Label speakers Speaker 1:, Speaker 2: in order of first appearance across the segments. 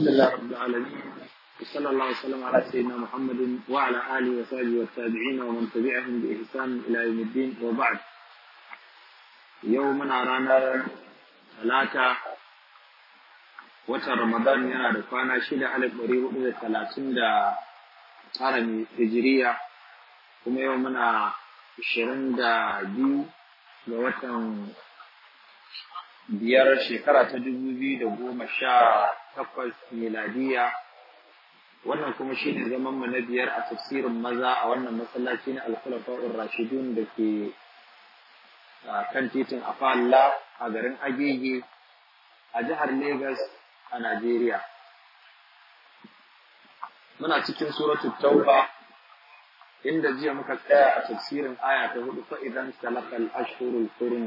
Speaker 1: الحمد لله رب العالمين وصلى الله وسلم على سيدنا محمد وعلى آله وصحبه والتابعين ومن تبعهم بإحسان إلى يوم الدين وبعد يوم أرانا ثلاثة وتر رمضان يا رفانا شيل على بريو إذا ثلاثين دا تارم هجرية كما يوم أنا شرين دا دي لوتن بيار شكرا تجوزي دا قوم الشعر takwas miladiya wannan kuma shi ne zaman mu na biyar a tafsirin maza a wannan masallaci na alkulafa'ur rashidun da ke kan titin afalla a garin agege a jihar Legas a Najeriya. Muna cikin suratu tauba inda jiya muka tsaya a tafsirin aya ta hudu fa idan salakal ashhurul hurum.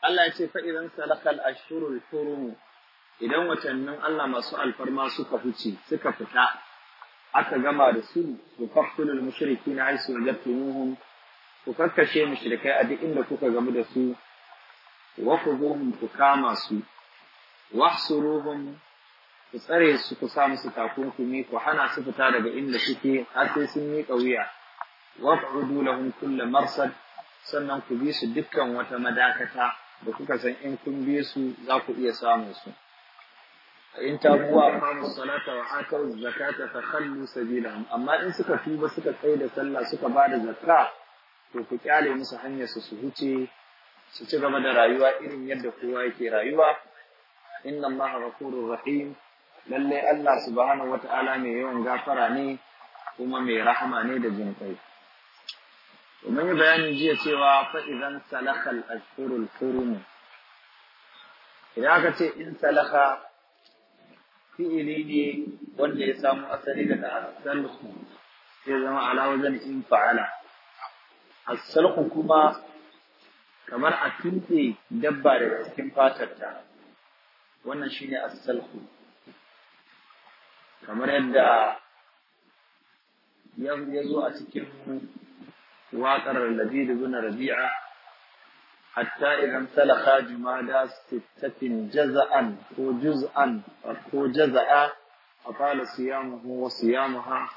Speaker 1: Allah ya ce idan salakal ashurul hurum idan watannin Allah masu alfarma suka fice suka fita aka gama da su ku kafsulul mushrikina aisu wajatumuhum ku kakkashe mushrikai a duk inda kuka gamu da su wa kuzuhum ku kama su wahsuruhum ku tsare su ku sa musu takunkumi ku hana su fita daga inda suke har sai sun yi wuya waq'udu lahum kulla marsad sannan ku bi su dukkan wata madakata da kuka san in kun bi su za ku iya samun su in ta buwa aqamu salata wa atu zakata fa khallu sabilahum amma in suka tuba suka kai da sallah suka ba da zakka to ku kyale musu hanyar su su huce su ci gaba da rayuwa irin yadda kowa yake rayuwa inna allaha ghafurur rahim lalle Allah subhanahu wata'ala mai yawan gafara ne kuma mai rahama ne da jinkai mun yi bayanin jiya cewa fa idan salaka al-ashhurul idan aka ce in salaka fi'ili ne wanda ya samu asali daga asalku sai zama ala wajen in fa'ala asalku kuma kamar a tunte dabba daga cikin fatarta wannan shine asalku kamar yadda ya zo a cikin وقر اللذيذ بن ربيع حتى إذا امتلخ جمال ستة جزءا أو جزءا أو جزءا أطال صيامه وصيامها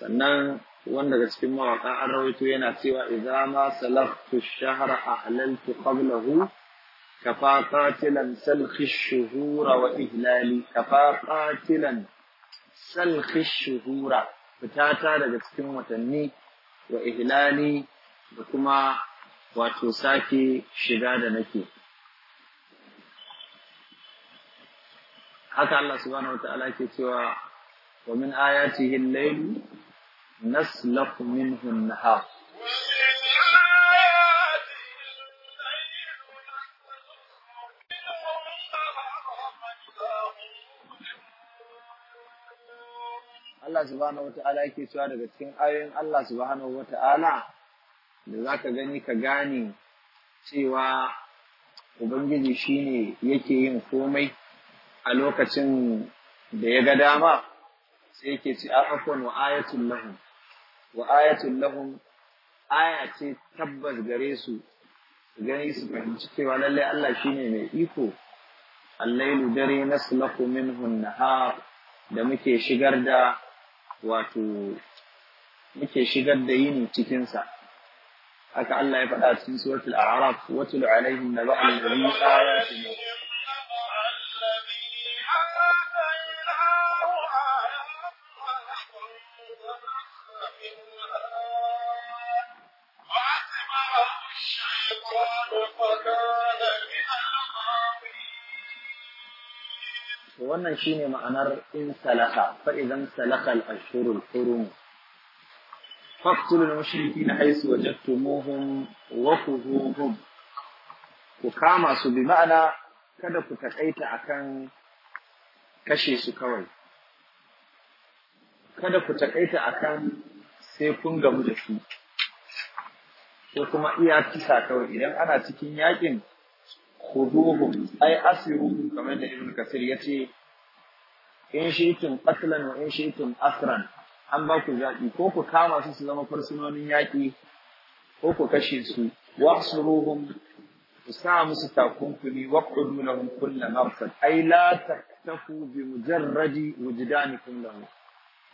Speaker 1: سنن وانا قسكي موقع الرويت ينأتي وإذا ما سلخت الشهر أحللت قبله كفى قاتلا سلخ الشهور وإهلالي كفى قاتلا سلخ الشهور فتاتا لقسكي موتنيك wa ihlali da kuma wato sake shiga da nake haka Allah subhanahu wa ta'ala ke cewa wa min ayatihi al-layl naslaku minhu an Allah subhanahu wata'ala yake cewa daga cikin ayoyin Allah subhanahu wata'ala da za ka gani ka gane cewa Ubangiji shi ne yake yin komai a lokacin
Speaker 2: da ya ga dama
Speaker 1: sai yake ci afon wa ayatun lahun wa ayatun lahun aya ce tabbas gare su gani su fahimci cewa lallai Allah shi ne mai iko allailu dare na sulakumin hunnaha da muke shigar da wato muke shigar da yini cikinsa haka Allah ya faɗa cikin suratul a'raf wa tul alaihim naba'a alladhi ayatina wannan shine ma'anar in salaha fa idan salaka al-ashhurul hurum faqtulul mushrikina haythu wajadtumuhum wa khuzuhum ku kama su bi ma'ana kada ku takaita akan kashe su kawai kada ku takaita akan sai kun gamu da su ko kuma iya kisa kawai idan ana cikin yakin khuduhum ay asiru kamar da ibn kasir yace in shi'tum qatlan wa in shi'tum asran an ba ku zaɓi ko ku kama su su zama fursunonin yaƙi ko ku kashe su Ruhun, ku sa musu takunkumi waqudu lahum kulla marsad ai la raji bi mujarradi ni lahum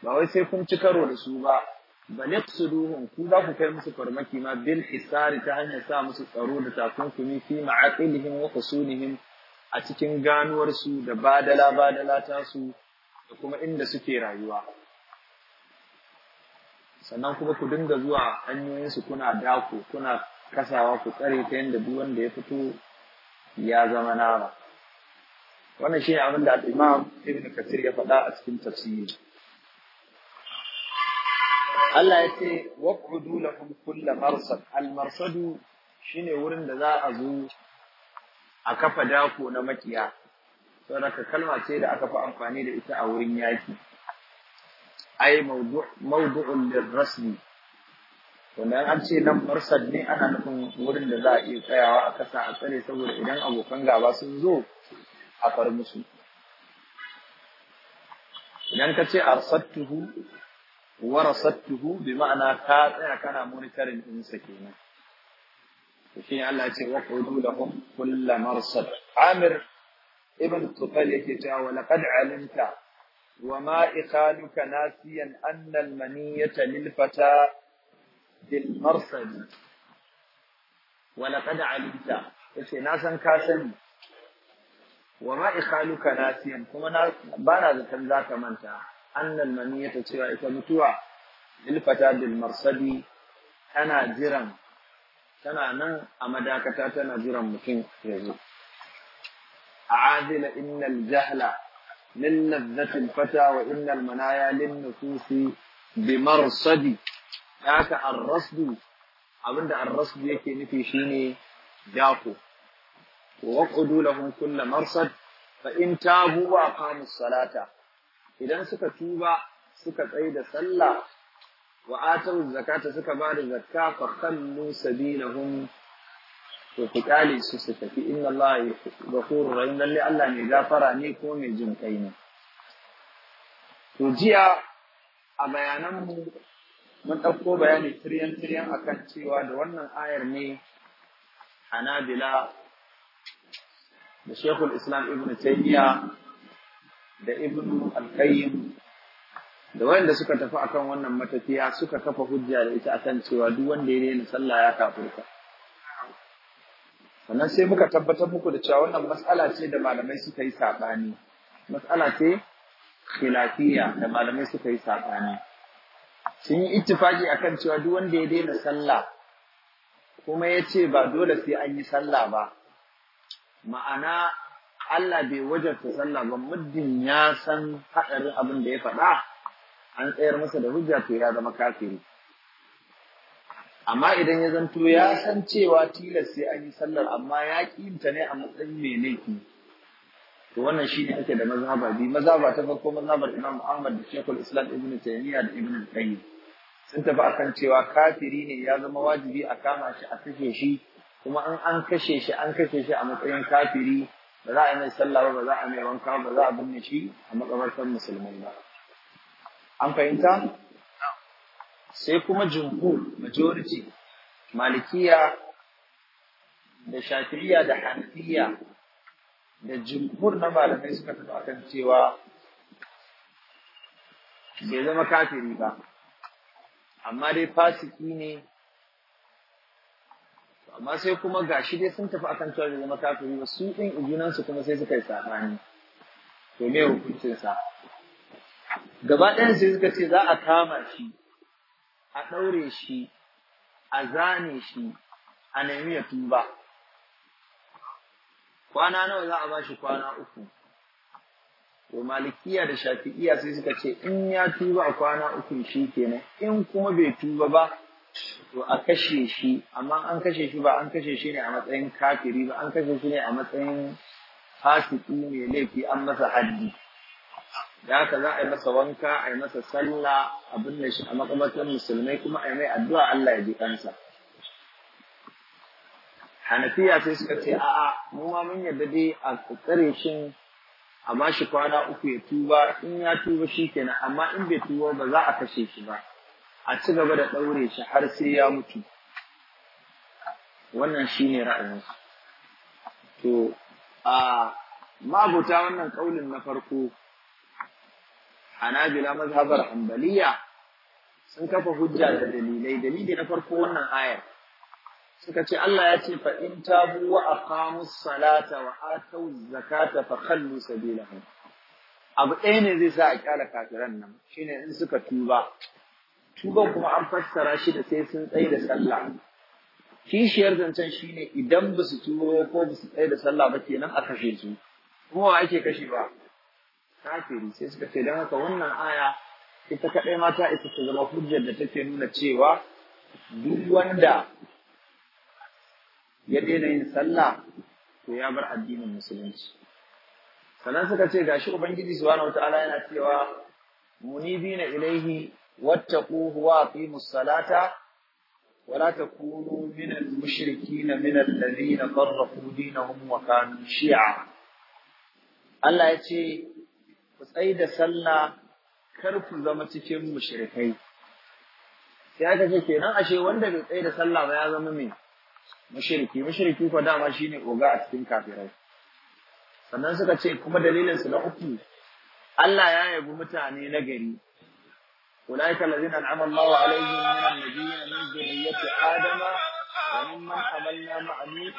Speaker 1: ba wai sai kun ci karo da su ba su duhun ku za ku kai musu farmaki ma bil isari ta hanyar sa musu tsaro da takunkumi fi ma'aqilihim wa qusunihim a cikin ganuwarsu da badala badala ta su da kuma inda suke rayuwa sannan kuma ku dinga zuwa hanyoyinsu kuna dako kuna kasawa ku tsare ta yadda duk wanda ya fito ya zama nama wannan shi ne abin da imam ibn kasir ya faɗa a cikin tafsiri Allah ya ce waqudu lahum kullu marsad al marsadu shine wurin da za a zo a kafa dako na makiya saboda kalma ce da aka fi amfani da ita a wurin yaki ai mawdu'un lirrasmi wanda an ce nan marsad ne ana nufin wurin da za a iya tsayawa a kasa a tsare saboda idan abokan gaba sun zo a far musu idan ka ce arsattuhu warasattuhu bi ma'ana ka tsaya kana monitoring din sa kenan shi ne Allah ya ce waqudu lahum kullu marsad amir ابن الطفيلك جاء ولقد علمت وما إخالك ناسيا أن المنية للفتاة بالمرصد ولقد علمت إذا ناسا كاسم وما إخالك ناسيا كما بانا ذكر ذاك منتا أن المنية تسوى إتمتوع للفتاة بالمرصد أنا جرم أنا أمداك تاتنا جرم مكين رزق عاذل إن الجهل من للنذة الفتى وإن المنايا للنفوس بمرصد ذاك الرصد عند الرصد يكي نفي شيني جاكو وقدوا لهم كل مرصد فإن تابوا وأقاموا الصلاة إذا سك توبا سك قيد صلى وآتوا الزكاة سك بعد الزكاة فخلوا سبيلهم to ku kyale su su tafi inna Allah ya ghafurur rahim lalle Allah mai gafara ne ko mai jin kai ne to jiya a bayanan mu mun ɗauko bayani tiryan tiryan akan cewa da wannan ayar ne Hanabila da Sheikhul Islam Ibn Taymiyyah da Ibn Al-Qayyim da wanda suka tafi akan wannan matafiya suka kafa hujja da ita akan cewa duk wanda ya daina sallah ya kafurka. sannan sai muka tabbatar muku da cewa wannan matsala ce da malamai suka yi saɓani matsala ce khilafiyya da malamai suka yi saɓani sun yi ittifaki akan cewa duk wanda ya daina sallah kuma ya ce ba dole sai an yi sallah ba ma'ana Allah bai wajarta sallah ba muddin ya san haɗarin abin da ya faɗa an tsayar masa da hujja to ya zama kafiri amma idan ya zanto ya san cewa tilas sai an yi sallar amma ya ta ne a matsayin mai laifi to wannan shi shine ake da mazhaba bi mazhaba ta farko mazhabar Imam Ahmad da Sheikhul Islam Ibn Taymiyyah da Ibn Qayyim sun tafi akan cewa kafiri ne ya zama wajibi a kama shi a kashe shi kuma in an kashe shi an kashe shi a matsayin kafiri ba za a yi mai sallah ba ba za a mai wanka ba za a binne shi a makabartar musulmai ba an fahimta sai kuma jumhur majority malikiya da shafi'iya da hanafiya da jumhur na malamai suka tafi akan cewa bai zama kafiri ba amma dai fasiki ne amma sai kuma gashi dai sun tafi akan cewa bai zama kafiri ba su ɗin ujunansu kuma sai suka yi sabani to me hukuncinsa gaba ɗayan sai suka ce za a kama shi a ɗaure shi a zane shi a nemi ya tuba kwana nawa za a ba shi kwana uku to malikiya da shafi'iya sai suka ce in ya tuba a kwana uku shi kenan in kuma bai tuba ba to a kashe shi amma an kashe shi ba an kashe shi ne a matsayin kafiri ba an kashe shi ne a matsayin fasiki mai laifi an masa haddi da haka za a yi masa wanka a yi masa sallah abin da shi a makabartar musulmai kuma a yi mai addu'a Allah ya ji kansa hanafiya sai suka ce a'a mu ma mun yarda dai a tsare shi a ma shi kwana uku ya tuba in ya tuba shi kenan amma in bai tuba ba za a kashe shi ba a ci gaba da ɗaure shi har sai ya mutu wannan shi ra'ayin ra'ayinsu to a mabuta wannan ƙaunin na farko hanabila mazhabar hanbaliya sun kafa hujja da dalilai dalili na farko wannan ayar suka ce Allah ya ce fa in tabu wa aqamu salata wa atau zakata fa khallu sabilahum abu ɗaya ne zai sa a kyala kafiran nan shine in suka tuba tuban kuma an fassara shi da sai sun tsaye da sallah kishiyar zancen shine idan ba su tuba ko ba su tsaye da sallah ba kenan a kashe su kuma wa ake kashe ba kafiri sai suka ce don haka wannan aya ita kaɗai mata ita ta zama hujjar da take nuna cewa duk wanda ya daina yin sallah to ya bar addinin musulunci sannan suka ce gashi ubangiji subhanahu wataala yana cewa munibina ilaihi wattaquhu wa aqimus salata wa la takunu minal mushrikina minal ladina farraqu na wa kanu shi'a Allah ya ce ku tsai da sallah kar ku zama cikin mushrikai sai aka ce kenan ashe wanda bai tsai da sallah ba ya zama mai mushriki mushriki ko dama shine oga a cikin kafirai sannan suka ce kuma dalilin su na uku Allah ya yabi mutane na gari أولئك الذين أنعم الله عليهم من النبيين من ذرية Adama
Speaker 2: وممن حملنا مع نوح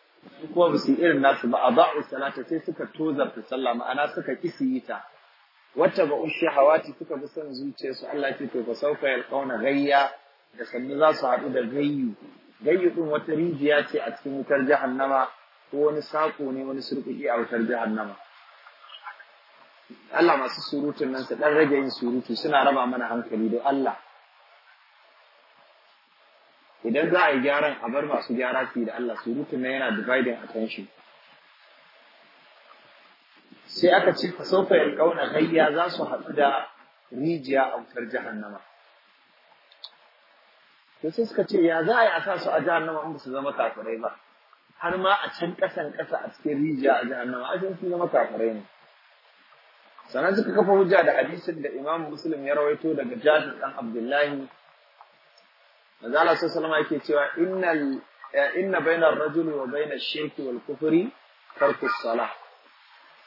Speaker 1: kuma ba su irin nasu ba a ba'u salata sai suka tozarta sallah ma'ana suka kisi ta wacce ba ushe hawati suka bi son su Allah ce to ba sauka ya kauna gayya da sannu za su haɗu da gayyu gayyu ɗin wata rijiya ce a cikin wutar jahannama ko wani saƙo ne wani surƙuƙi a wutar jahannama Allah masu surutun nan su ɗan rage yin surutu suna raba mana hankali don Allah idan za a yi gyaran a bar masu gyara su da Allah surutu na yana dividing attention sai aka ce fa ya kauna hayya za su haɗu da rijiya a wutar jahannama to sai suka ce ya za a yi a sa su a jahannama in ba su zama kafirai ba har ma a can ƙasan ƙasa a cikin rijiya a jahannama a sun zama kafirai ne sannan suka kafa hujja da hadisin da imamu muslim ya rawaito daga jahil dan abdullahi manzo Allah sallallahu alaihi yake cewa innal eh, inna bainar rajuli wa bainash shirki wal kufri tarkus salah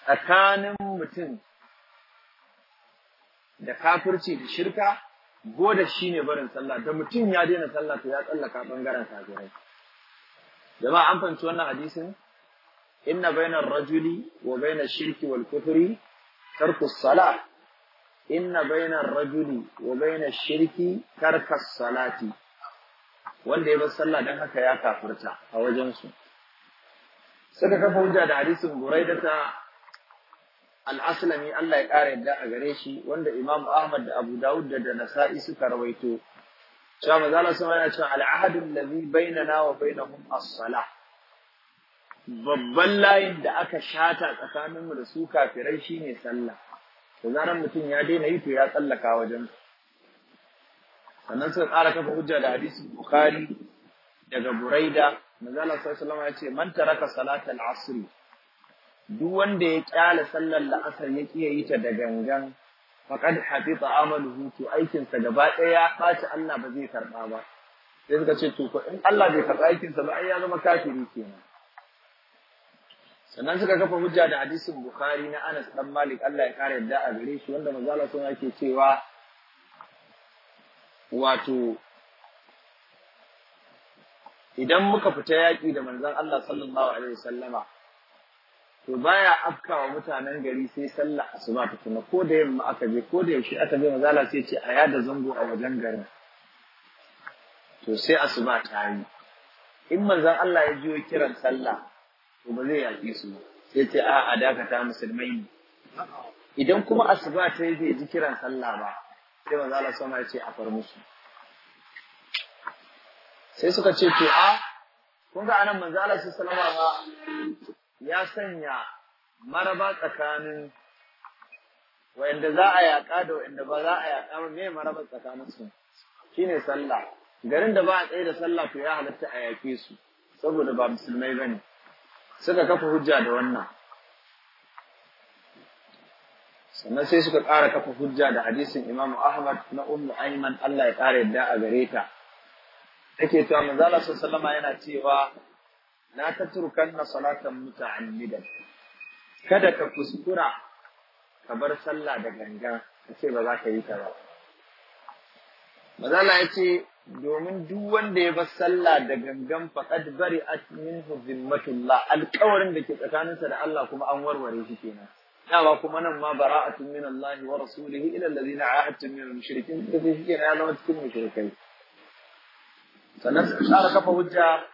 Speaker 1: tsakanin mutum da kafirci da shirka gode shi ne barin sallah da mutum ya daina sallah to ya tsallaka bangaren kafirai jama'a an fahimci wannan hadisin inna bainar rajuli wa bainar shirki wal kufri tarku salah inna bainar rajuli wa bainar shirki tarkas salati wanda ya bar sallah dan haka ya kafirta a wajen su suka kafa hujja da hadisin ta al-aslami Allah ya kare yadda a gare shi wanda Imam Ahmad da Abu Dawud da Nasa'i suka rawaito cewa manzo Allah sama yana cewa al-ahadu nawa bainana wa bainahum as-salah babban layin da aka shata tsakaninmu da su kafirai shine sallah da zaran mutum ya daina yi to ya tsallaka wajen sannan suka ƙara kafa hujja da hadisin bukhari daga buraida manzala sallallahu alaihi ya ce man taraka salatal asr duk wanda ya kyale sallar la'asar ya kiyaye yi ta da gangan faqad hafiza amaluhu to aikin sa gaba ɗaya ya ɓaci Allah ba zai karɓa ba sai suka ce to in Allah bai karba aikin sa ba ai ya zama kafiri kenan sannan suka kafa hujja da hadisin bukhari na Anas dan Malik Allah ya kare yadda a gare shi wanda manzala sun yake cewa wato idan muka fita yaƙi da manzon Allah sallallahu alaihi wasallama to baya afkawa mutanen gari sai sallah asuba ta kuma ko da yamma aka je ko da yaushe aka je mazala sai ce a yada zango a wajen garin to sai asuba ta yi in manzon Allah ya jiyo kiran sallah to ba zai yaƙi su sai ce a a dakata musulmai ne idan kuma asuba ta yi bai ji kiran sallah ba sai maza Allah sama ya ce a far musu sai suka ce to a kun ga anan maza Allah sallallahu ba ya sanya maraba tsakanin wa'anda za a yaƙa da wa'anda ba za a yaƙa ba mai maraba tsakanin su ne sallah garin da ba a tsaye da sallah ku ya halatta a yaƙe su saboda ba musulmai ba ne. suka kafa hujja da wannan sannan sai suka ƙara kafa hujja da hadisin Imam Ahmad na Ummu Ayman Allah ya ƙara yadda a gare ta take cewa manzo Allah sallama yana cewa la tatrukanna salatan muta'ammidan kada ka kuskura ka bar sallah da ganga ka ce ba za ka yi ta ba manzo Allah ya ce domin duk wanda ya bar sallah da gangan faqad bari'at minhu zimmatullah alƙawarin da ke tsakaninsa da Allah kuma an warware shi kenan dama kuma nan ma bara'atun min Allah wa rasulihi ila allazina ahadtum min al-mushrikin sai shi ya zama cikin mushrikai sannan su kafa hujja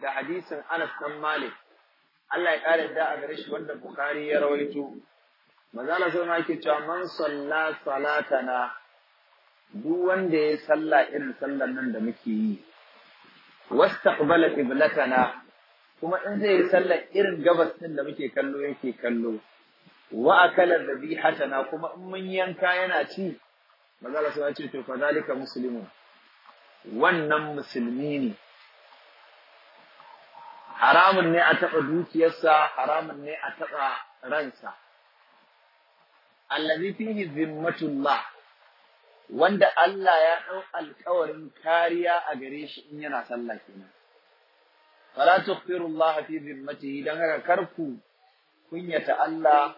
Speaker 1: da hadisin Anas dan Malik Allah ya kare da a gare shi wanda Bukhari ya rawaito manzo Allah sai yake cewa man salla salatana duk wanda ya salla irin sallar nan da muke yi wastaqbala qiblatana kuma in zai yi irin gabas din da muke kallo yake kallo wa akala dhabihata kuma in mun yanka yana ci manzala sai ce to fadalika muslimun wannan musulmi ne haramun ne a taɓa dukiyarsa haramun ne a taba ransa allazi fihi zimmatullah wanda Allah ya ɗau alƙawarin kariya a gare shi in yana sallah kenan fala tughfirullaha fi zimmatihi dan haka karku kunyata Allah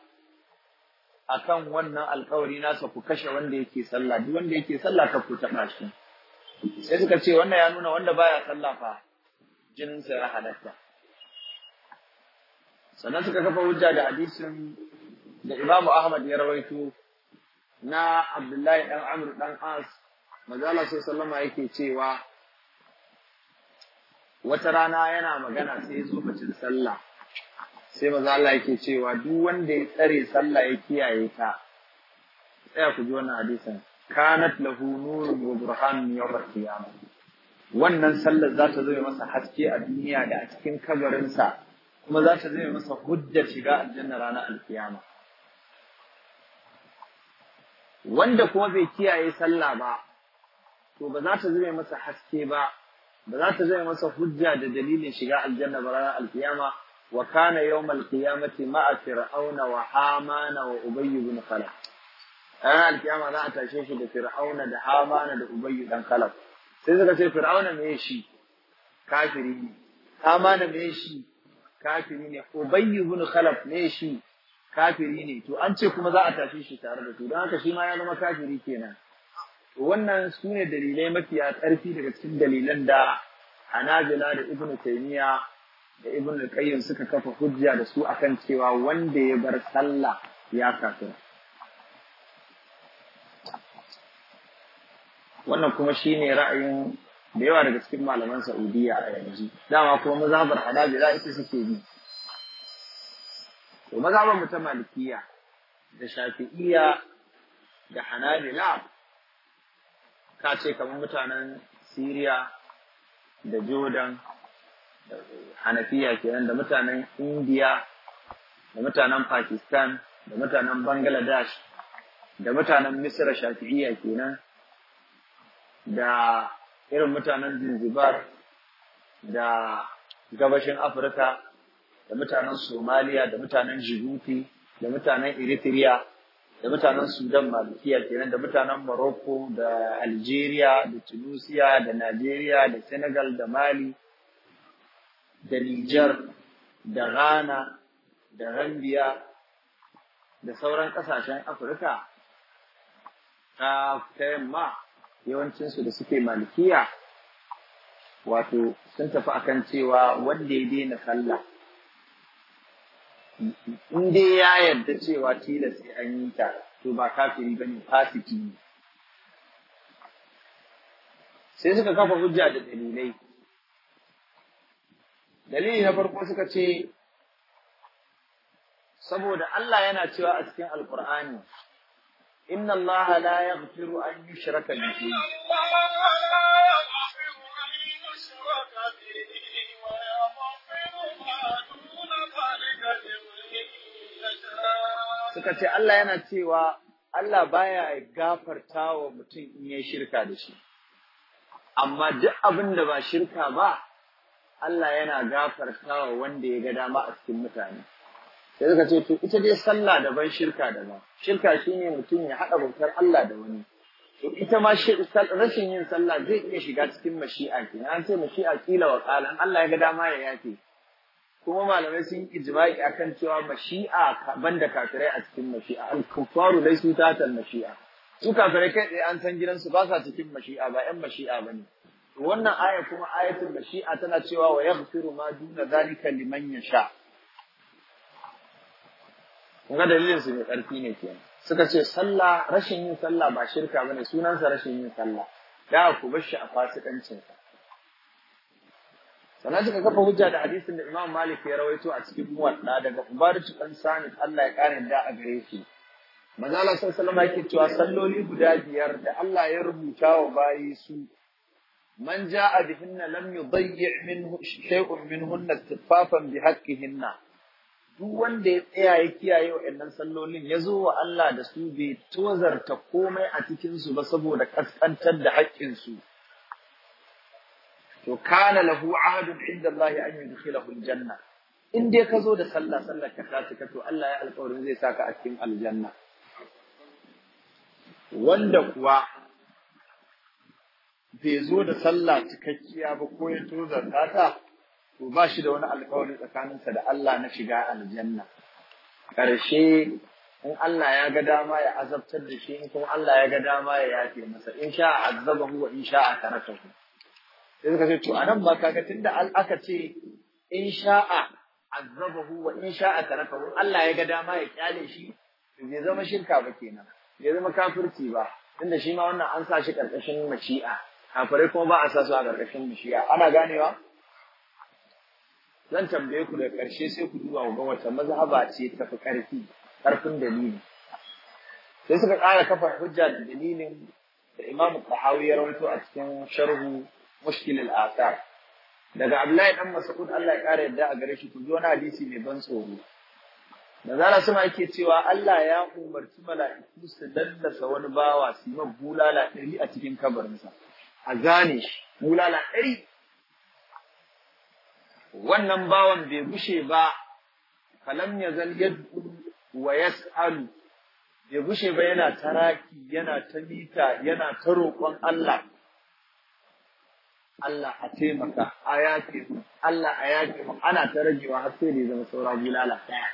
Speaker 1: akan wannan alkawari nasa ku kashe wanda yake sallah duk wanda yake sallah ka ku taɓa shi sai suka ce wannan ya nuna wanda baya sallah fa jinin ya sannan suka kafa hujja da hadisin da Imam Ahmad ya rawaito na Abdullahi dan Amr dan As sai sallama yake cewa wata rana yana magana sai ya zo bacin sallah sai maza Allah yake cewa duk wanda ya tsare sallah ya kiyaye ta tsaya ku ji wannan hadisin kanat lahu nurun wa yawm al qiyamah wannan sallar za ta zama masa haske a duniya da a cikin kabarinsa kuma za ta zama masa hujjar shiga aljanna ranar al-qiyamah wanda kuma bai kiyaye sallah ba to ba za ta zama masa haske ba ba za ta zama masa hujja da dalilin shiga aljanna ba ranar qiyamah wa kana yawmal qiyamati ma'a fir'auna wa hamana wa ubay bin khalaf ran alkiyama za a tashe shi da fir'auna da hamana da ubay dan khalaf sai suka ce fir'auna me shi kafiri ne hamana me shi kafiri ne ubay bin khalaf me shi kafiri ne to an ce kuma za a tashe shi tare da su don haka shi ma ya zama kafiri kenan wannan su ne dalilai mafiya ƙarfi daga cikin dalilan da anabila da ibnu taymiya da ibn al-qayyim suka kafa hujja da su akan cewa wanda ya bar sallah ya kafira wannan kuma shine ra'ayin da yawa daga cikin malaman Saudiya a yanzu dama kuma mazhabar Hanabila ita suke bi to mazhabar mu ta Malikiya da Shafi'iya da Hanabila ka ce kamar mutanen Siriya da Jordan hanafiya kenan da mutanen indiya da mutanen pakistan da mutanen bangladesh da mutanen misra shafiiya kenan da irin mutanen zanzibar da gabashin afirka da mutanen somaliya da mutanen djibouti da mutanen eritrea da mutanen sudan malikiya kenan da mutanen morocco da algeria da tunisia da nigeria da senegal da mali da Nijar da Ghana da Rambiya da sauran ƙasashen Afirka ta yamma yawancinsu da suke malikiya wato sun tafi akan cewa wanda ya daina sallah in dai ya yarda cewa tilas sai an yi ta to ba kafiri bane fasiki ne sai suka kafa hujja da dalilai dalili na farko suka ce saboda Allah yana cewa a cikin alkur'ani inna Allah la yaghfiru an yushraka bihi
Speaker 2: suka ce Allah
Speaker 1: yana cewa Allah baya gafartawa mutum in ya shirka da shi amma duk abin da ba shirka ba Allah yana gafarta wa wanda ya ga dama a cikin mutane. Sai suka ce, to ita dai sallah daban shirka daban. Shirka shi ne mutum ya haɗa bautar Allah da wani. To ita ma rashin yin sallah zai iya shiga cikin mashi'a ke. An ce mashi'a kila wa ƙalan Allah ya ga dama ya yafe. Kuma malamai sun yi ijma'i akan cewa mashi'a ban da kafirai a cikin mashi'a. Al-kuffaru dai su tatan mashi'a. Su kafirai kai tsaye an san gidansu ba sa cikin mashi'a ba 'yan mashi'a ba ne. wannan aya kuma ayatul bashi'a tana cewa wa yaghfiru ma duna zalika liman yasha kuma dalilin su ne karfi ne kenan suka ce sallah rashin yin sallah ba shirka bane sunansa rashin yin sallah da ku bar shi a fasikancin sa sanan suka kafa hujja da hadisin da Imam Malik ya rawaito a cikin muwadda daga Ubaratu dan Sani Allah ya kare da a gare shi
Speaker 2: manzo Allah sallallahu alaihi wasallam yake cewa salloli guda
Speaker 1: biyar da Allah ya rubuta wa bayi su man جاء bihinna لم يضيع منه شيء منهن استفافا بحقهن duk wanda ya tsaya ya kiyaye waɗannan sallolin ya zo wa Allah da su bai tozarta komai a cikinsu ba saboda kaskantar da haƙƙinsu. To, kana lahu ahadun inda Allah ya janna. In dai ka zo da sallah sallar ka ta cika to Allah ya alƙawarin zai saka a cikin aljanna. Wanda kuwa bai zo da sallah cikakkiya ba ko ya tozarta ta to ba shi da wani alkawari tsakaninsa da Allah na shiga aljanna ƙarshe in Allah ya ga dama ya azabtar da shi in kuma Allah ya ga dama ya yafe masa in sha azabahu wa in sha tarakahu sai suka ce to anan ba kaga tunda aka ce in sha'a azabahu wa in sha'a tarakahu Allah ya ga dama ya kyale shi bai zama shirka ba kenan bai zama kafirci ba tunda shi ma wannan an sa shi karkashin maci'a. kafirai kuma ba a sa su a ƙarƙashin bishiya ana ganewa zan tambaye ku da ƙarshe sai ku duba ga wata mazhaba ce ta fi ƙarfi ƙarfin dalili sai suka ƙara kafa hujja da dalilin da Imam hau ya rawaito a cikin sharhu Mushkil al-Athar daga Abdullahi dan Mas'ud Allah ya ƙara yadda a gare shi ku ji wani hadisi mai ban tsoro da zana sama yake cewa Allah ya umarci mala'iku su dallasa wani bawa su yi bulala ɗari a cikin kabarinsa. a zane shi bulala ɗari wannan bawan bai gushe ba falam ya zan yadda wa sa'alu bai gushe ba yana taraki yana ta mita yana ta roƙon Allah Allah a taimaka a yafe mu Allah a yafe mu ana ta ragewa har sai da ya zama saura bulala ɗaya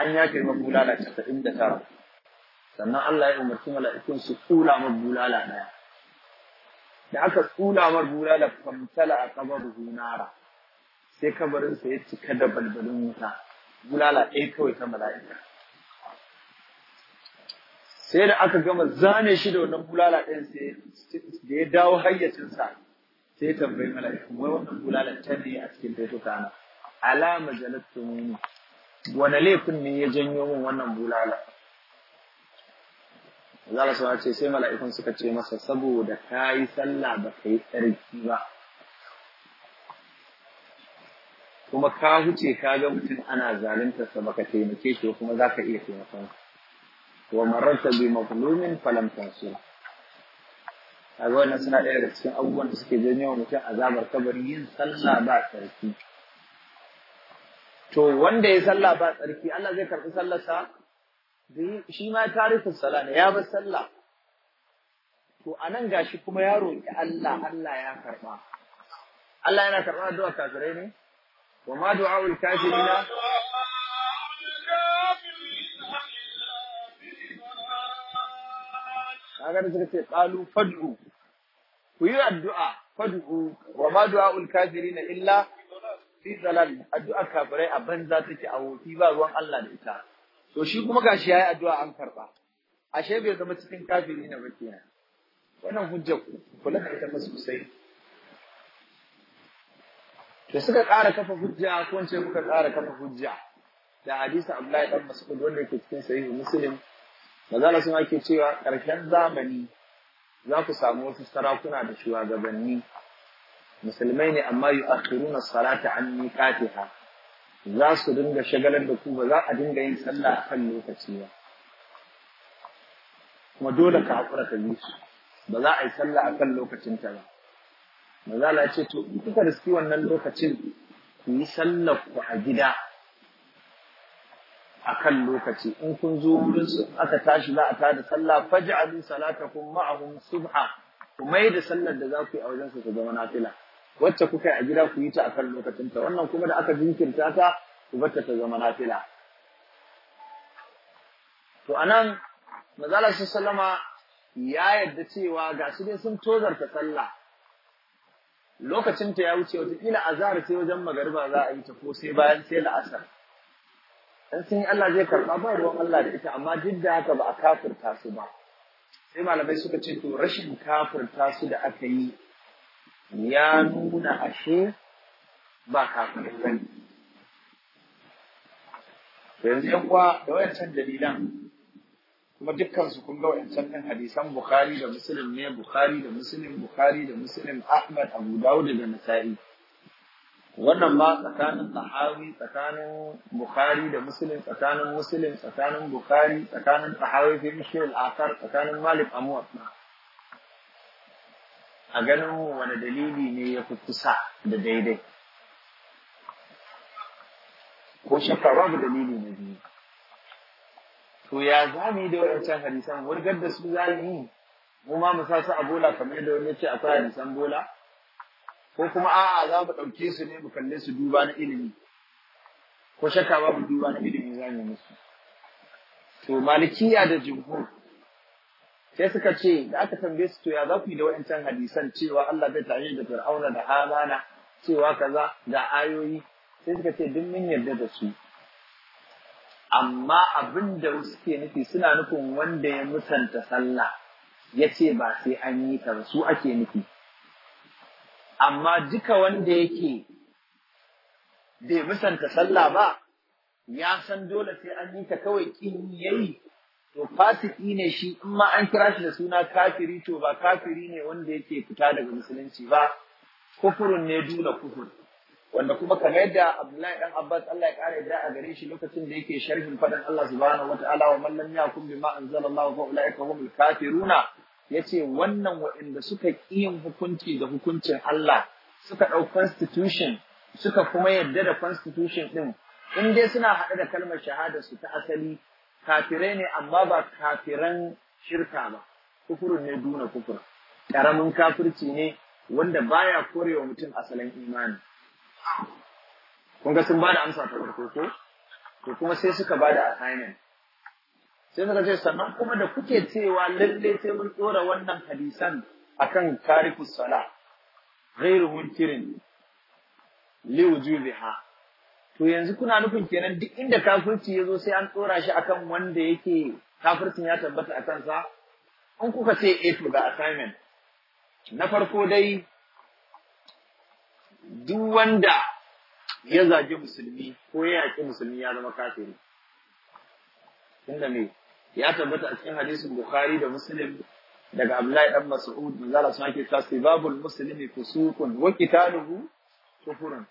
Speaker 1: an yafe ma bulala casa'in da tara sannan Allah ya umarci mala'ikun su kula ma bulala ɗaya da aka tsula mar gura da famtala a kabar nara sai kabarin sa ya cika da balbalin wuta bulala ɗaya kawai ta mala'ika sai da aka gama zane shi da wannan bulala ɗin sai da ya dawo hayyacinsa sai ya tambayi mala'ika wai wannan bulala ta ne a cikin baituka na alama jalattun wani laifin ne ya janyo min wannan bulala Allah ya ce sai mala'ikun suka ce masa saboda ka yi sallah ba ka yi tsarki ba kuma ka huce ka ga mutum ana zalunta sa baka taimake shi kuma za ka iya taimakon wa mararta bi mazlumin falam tansur kaga wannan suna ɗaya daga cikin abubuwan da suke janyo mutum azabar kabari yin sallah ba tsarki to wanda ya sallah ba tsarki Allah zai karɓi sallarsa shi ma tarifin sala ne ya bar sallah to anan gashi kuma ya roki Allah Allah ya karba Allah yana karba addu'a kafirai ne wa ma du'aul kafirina kaga da suka ce qalu fad'u ku yi addu'a fad'u wa ma du'aul kafirina illa fi dalal addu'a kafirai a banza take a wofi ba ruwan Allah da ita to shi kuma ya yi addu'a an karɓa. ashe bai zama cikin kafiri na ba kenan wannan hujjar ku kula da ita sosai to suka ƙara kafa hujja ko ce muka ƙara kafa hujja da hadisi Abdullahi dan Mas'ud wanda yake cikin sahihu Muslim na sun ake cewa ƙarshen zamani za ku samu wasu sarakuna da shugabanni musulmai ne amma yu'akhiruna salata an miqatiha za su dinga shagalar da ku ba za a dinga yin sallah a kan lokaci ba kuma dole ka haƙura ka yi su ba za a yi sallah a kan lokacinta ba mazala ce to in da riski wannan lokacin ku yi sallar ku a gida a kan lokaci in kun zo wurin su aka tashi za a tada sallah salata salatakum ma'ahum subha ku mai da sallar da za ku yi a wajen su ku zama nafila wacce kuka yi a gida ku yi ta akan lokacinta wannan kuma da aka jinkirta ta ku bar ta zama nafila to anan manzala sallama ya yadda cewa ga su dai sun tozarta sallah Lokacinta ta ya wuce wata azhar sai wajen magariba za a yi ta ko sai bayan sai la'asar dan sun yi Allah zai karɓa ba ruwan Allah da ita amma duk da haka ba a kafirta su ba sai malamai suka ce to rashin kafirta su da aka yi ya nuna ashe ba kafin Yanzu ‘yan kuwa da wayancan dalilan kuma dukkansu kun ga wayancan ɗin hadisan Bukhari da Muslim ne Bukhari da Muslim Bukhari da Muslim Ahmad Abu Dawud da Nasa'i. Wannan ma tsakanin tsahawi tsakanin Bukhari da Muslim tsakanin Muslim tsakanin Bukhari tsakanin tsahawi, fi Mishkil Akar tsakanin Malik amuwa a ganin wani dalili ne ya fi kusa da daidai ko shakka babu dalili na biyu to ya zami da wancan harisan wurgar da su za mu ma mu sa su a bola kamar yadda wani ce akwai harisan bola ko kuma a'a za mu ɗauke su ne mu kalle su duba na ilimi ko shakka babu duba na ilimi za mu musu to malikiya da jumhur sai suka ce da aka tambaye su to ya za ku yi da wa'ancan hadisan cewa Allah zai tare da Fir'auna da Hamana cewa kaza da ayoyi sai suka ce duk mun yarda da su amma abin da suke nufi suna nufin wanda ya musanta sallah ya ce ba sai an yi ta su ake nufi amma duka wanda yake bai musanta sallah ba ya san dole sai an yi ta kawai kin yayi to fasiki ne shi in ma an kira shi da suna kafiri to ba kafiri ne wanda yake fita daga musulunci ba Kufurin ne duna kufur wanda kuma kamar yadda Abdullahi dan Abbas Allah ya kare da a gare shi lokacin da yake sharhin fadan Allah subhanahu wataala wa man lam yakum bima anzalallahu fa ulaika humul kafiruna yace wannan waɗanda suka yin hukunci da hukuncin Allah suka ɗau constitution suka kuma yadda da constitution ɗin. in dai suna haɗe da kalmar shahada su ta asali kafirai ne amma ba kafiran shirka ba kufurin ne duna kufur karamin kafirci ne wanda baya korewa mutum asalin imani kun ga sun bada amsa ta farko ko to kuma sai suka bada assignment sai suka ce sannan kuma da kuke cewa lalle sai mun tsora wannan hadisan akan tarikus sala ghairu munkirin li wujubiha to yanzu kuna nufin kenan duk inda kafirci ya zo sai an tsora shi akan wanda yake kafircin ya tabbata a kansa in kuka ce eh to ga assignment na farko dai duk wanda ya zagi musulmi ko ya yaƙi musulmi ya zama kafiri tunda me ya tabbata a cikin hadisin bukhari da muslim daga abdullahi dan mas'ud manzo Allah sunake babu sibabul muslimi fusuqun wa qitaluhu kufrun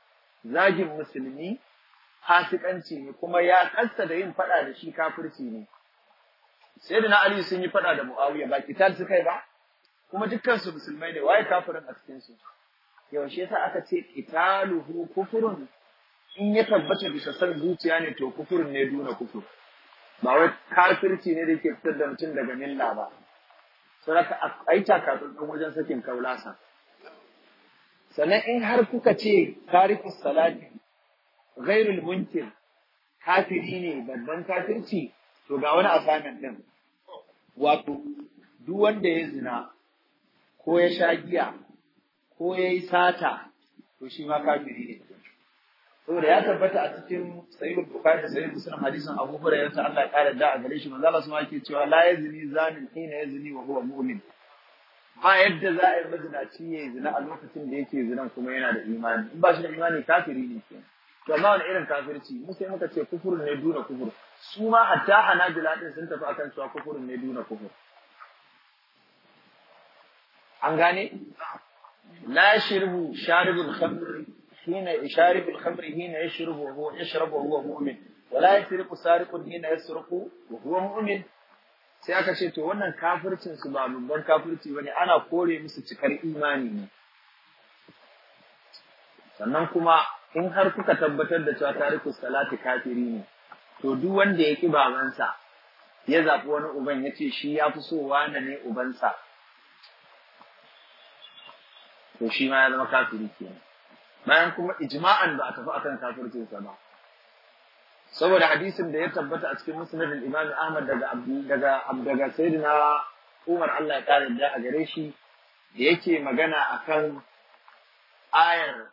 Speaker 1: zagin musulmi fasikanci ne kuma ya kasta da yin fada da shi kafirci ne sayyidina ali sun yi fada da muawiya ba kital su kai ba kuma dukkan su musulmai ne waye kafirin a cikin su yaushe yasa aka ce qitaluhu kufrun in ya tabbata bisa san zuciya ne to kufurun ne duna kufur ba wai kafirci ne da ke fitar da mutum daga milla ba saraka aita kafin dan wajen sakin kaulasa sannan in har kuka ce tarikus salati غير المنكر kafiri ne babban kafirci to ga wani assignment din wato duk wanda ya zina ko ya sha giya ko ya yi sata to shi ma kafiri ne saboda ya tabbata a cikin sahih bukhari da sayyid muslim hadisin abu hurairah ta Allah ya kare da a gare shi manzo Allah sama yake cewa la yazni zanin hina yazni wa huwa mu'min
Speaker 2: ba yadda za
Speaker 1: a yi mazinaci ya yi zina a lokacin da yake zina kuma yana da imani in ba shi da imani kafiri ne kenan to amma wani irin kafirci mu sai muka ce kufurin ne duna kufur su ma hatta hanajila din sun tafi akan cewa kufurin ne duna kufur an gane la shirbu sharibul khamr hina sharibul khamr hina yashrubu huwa yashrabu huwa mu'min la yasriqu sariqun hina yasriqu wa huwa mu'min sai aka ce to wannan kafircin su ba babban kafirci bane ana kore musu cikar imani ne sannan kuma in har kuka tabbatar da cewa tariku salati kafiri ne to duk wanda ya ki babansa ya zafi wani uban ya ce shi ya fi so wane ne ubansa to shi ma ya zama kafiri kenan bayan kuma ijma'an ba a tafi akan kafircinsa ba saboda hadisin da ya tabbata a cikin musulmin imam ahmad daga daga daga sayyidina umar Allah ya kare da a gare shi da yake magana akan ayar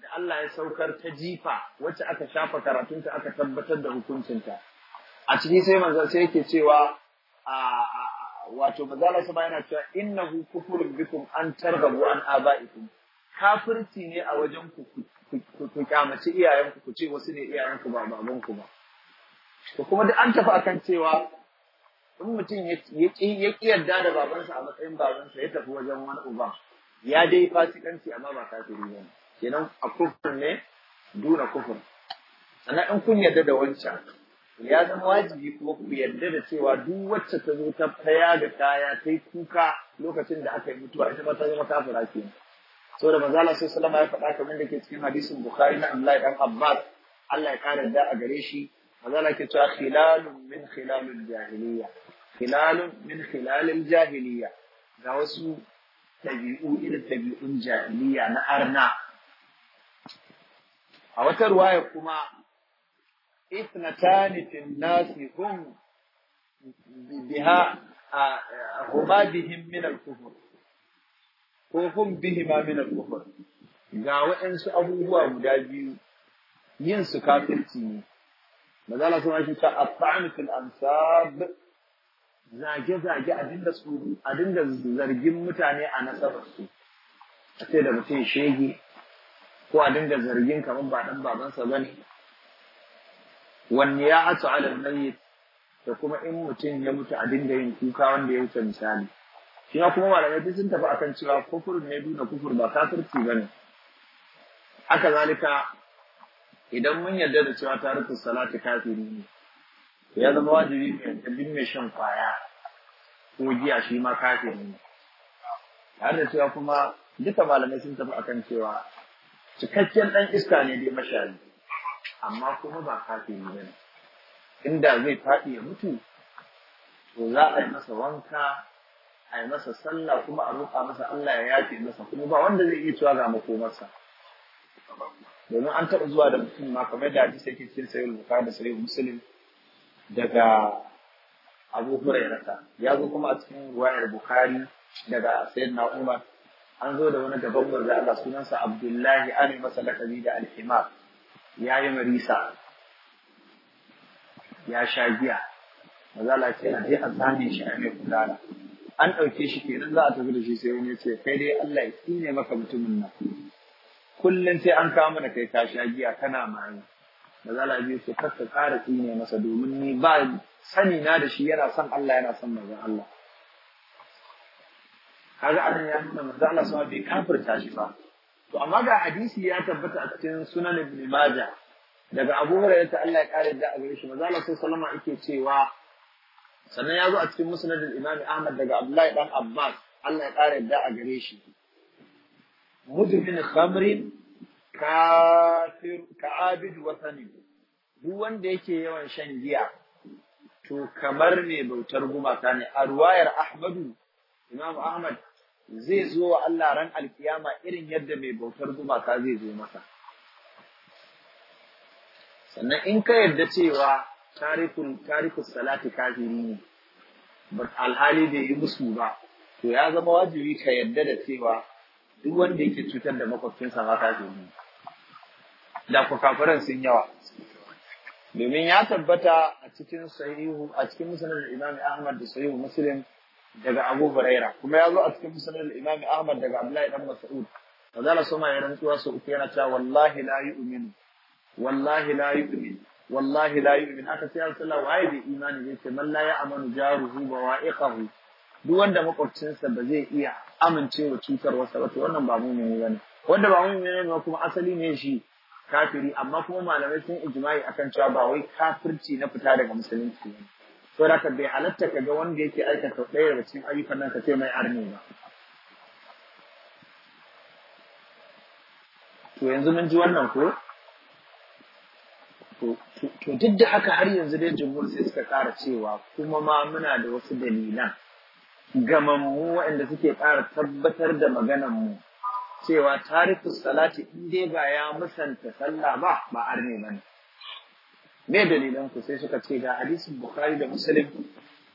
Speaker 1: da Allah ya saukar ta jifa wacce aka shafa karatunta aka tabbatar da hukuncinta a ciki sai manzo sai yake cewa wato manzo sai yana cewa innahu kufurun bikum an targabu an abaikum kafirci ne a wajen ku ku kyamaci iyayenku ku ce wasu ne iyayenku ba babanku ba to kuma duk an tafi akan cewa in mutum ya ƙi yarda da babansa a matsayin babansa ya tafi wajen wani uba ya dai fasikanci amma ba kafiri ba kenan a kufur ne duna kufur sannan in kun yarda da wancan ya zama wajibi kuma ku yarda da cewa duk wacce ta zo ta faya da kaya ta yi kuka lokacin da aka yi mutuwa ita ma ta zama kafira ke So da mazala sai salama ya faɗa kamar da ke cikin hadisin Bukhari na Abdullahi ɗan Abbas Allah ya kare da a gare shi Mazala ke cewa khilalun min khilalil jahiliya khilalun min khilalil jahiliya ga wasu tabi'u irin tabi'un jahiliya na arna a wata ruwaya kuma ithnatani fin nasi hum biha huma bihim min al kufur? ko hum bihima min al kufur? ga waɗansu abubuwa guda biyu yin su kafirci ne mazala sun shi ta afani fil ansab zage zage a su abinda zargin mutane a nasabar su a ce da mutum shege ko a dinga zargin kamar ba dan babansa bane Wani ya asu ala mai da kuma in mutum ya mutu a dinga yin kuka wanda ya wuce misali shi kuma malamai duk sun tafi akan cewa kufur ne duna kufur ba kafirci bane haka zalika idan mun yarda da cewa tarikin salati kafiri ne ya zama wajibi ne da bin mai shan kwaya ko giya shi ma kafiri ne har da cewa kuma duka malamai sun tafi akan cewa cikakken ɗan iska ne dai mashayi amma kuma ba kafiri ba ne inda zai faɗi ya mutu to za a yi masa wanka a yi masa sallah kuma a roƙa masa Allah ya yafe masa kuma ba wanda zai iya cewa ga makomarsa domin an taɓa zuwa da mutum ma kamar da hadisi yake cikin sayyid bukhari da sayyid muslim daga abu hurairata ya zo kuma a cikin ruwayar bukhari daga sayyidina umar an zo da wani gaban manzo Allah sunansa Abdullahi an masa lakabi da al-himar ya yi marisa ya sha giya manzo Allah ce a je a tsane shi a mai kulala an ɗauke shi kenan za a tafi da shi sai wani ya ce kai dai Allah ya tsine maka mutumin nan kullum sai an kawo mana kai ka sha giya kana mani manzo Allah ya ce kar ka ƙara tsine masa domin ni ba sani na da shi yana son Allah yana son manzo Allah kaga anan ya nuna manzo Allah sama bai kafirta shi ba to amma ga hadisi ya tabbata a cikin sunan ibn majah daga Abu Hurairah ta Allah ya kare da a gare shi manzo Allah sallallahu alaihi cewa sannan ya zo a cikin musnad al-Imam Ahmad daga Abdullahi dan Abbas Allah ya kare da a gare shi mudmin khamrin kafir ka'abid wasani duk wanda yake yawan shan giya to kamar ne bautar gumaka ne a ruwayar Ahmadu Imam Ahmad zai zo wa Allah ran alkiyama irin yadda mai bautar gumaka zai zo masa. Sannan in ka yarda cewa tarikul salati kafiri ne, alhali da yi musu ba, to ya zama wajibi ka yarda da cewa duk wanda yake cutar da makwabcinsa ma kafiri ne. Da kafiran sun yawa. Domin ya tabbata a cikin sahihu a cikin musulun Imam Ahmad da sahihu Muslim daga Abu Huraira kuma ya zo a cikin musnad Imam Ahmad daga Abdullahi dan Mas'ud fadala sama ya rantsuwa sau uku yana cewa wallahi la yu'minu wallahi la yu'minu wallahi la yu'min aka sai Allah waye da imani zai ce man la ya'manu jaruhu wa wa'iqahu duk wanda makwabcinsa ba zai iya amincewa cutar wasa ba to wannan ba mu'mini bane wanda ba mu'mini ne kuma asali ne shi kafiri amma kuma malamai sun ijima'i akan cewa ba wai kafirci na fita daga musulunci ne sai da bai halatta ga wanda yake aikata ɗaya daga cikin ayyukan nan ka ce mai arni ba to yanzu mun ji wannan ko to duk da haka har yanzu dai jumhur sai suka ƙara cewa kuma ma muna da wasu dalilan gamammu waɗanda suke ƙara tabbatar da maganarmu cewa tarikus salati in dai ba ya musanta sallah ba ba arne ba ne me dalilan ku sai suka ce ga hadisin bukhari da muslim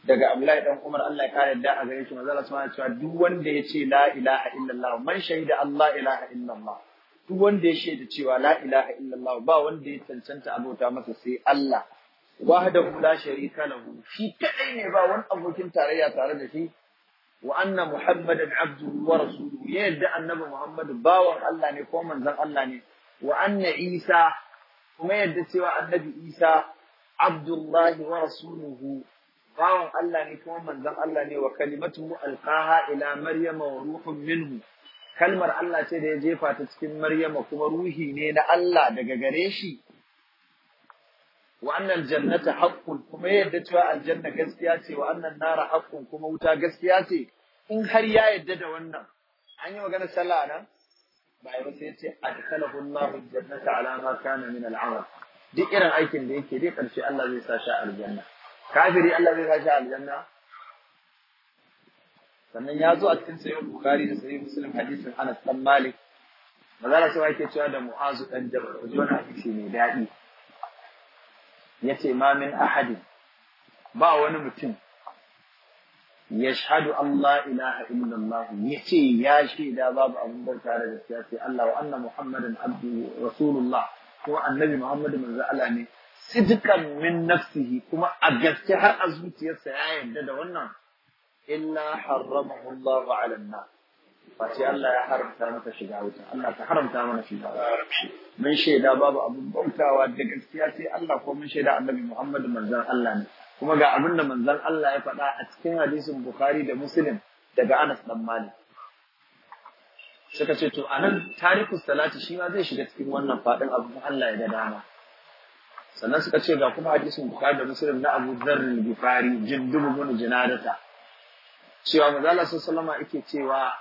Speaker 1: daga abdullahi dan umar Allah ya kare da a gare shi manzo Allah subhanahu cewa duk wanda ya ce la ilaha illallah man shahida Allah ilaha illallah duk wanda ya shaida cewa la ilaha illallah ba wanda ya cancanta abota masa sai Allah wahdahu la sharika lahu shi kadai ne ba wani abokin tarayya tare da shi wa anna muhammadan abduhu wa rasuluhu ya yadda annabi muhammadu bawan Allah ne ko manzon Allah ne wa anna isa kuma yadda cewa annabi Isa Abdullahi wa rasuluhu bawan Allah ne kuma manzon Allah ne wa kalimatuhu alqaha ila maryama wa ruhun minhu kalmar Allah ce da ya jefa ta cikin maryama kuma ruhi ne na Allah daga gare shi wa annal jannata haqqun kuma yadda cewa aljanna gaskiya ce wa annan nara haqqun kuma wuta gaskiya ce in har ya yadda da wannan an yi magana sallah nan bai ba sai ya ce adkalahu Allahu jannata ala ma kana min al'amal duk irin aikin da yake dai karshe Allah zai sa shi aljanna kafiri Allah zai sa shi aljanna sannan ya zo a cikin sayo bukhari da sayi muslim hadisin Anas dan Malik magana sai yake cewa da Mu'azu dan Jabal wajen hadisi mai daɗi yace ma min ahadin ba wani mutum yashhadu Allah la ilaha illallah yace ya shaida babu abin bauta da gaskiya sai Allah wa anna muhammadan abdu rasulullah kuma annabi muhammadu manzo Allah ne sidqan min nafsihi kuma a gaske har a zuciyarsa ya yarda da wannan illa harramahu Allah ala an-nar Allah ya haramta mata shiga wuta Allah ta haramta mana shiga mun shaida babu abin bautawa da gaskiya sai Allah ko mun shaida annabi muhammadu manzo Allah ne kuma ga abin da manzon Allah ya faɗa a cikin hadisin Bukhari da Muslim daga Anas dan Malik suka ce to nan tarihu salati shi ma zai shiga cikin wannan faɗin abin Allah ya da dama sannan suka ce ga kuma hadisin Bukhari da Muslim na Abu Dharr al-Bukhari jindubu bin jinadata cewa manzon sallallahu alaihi yake cewa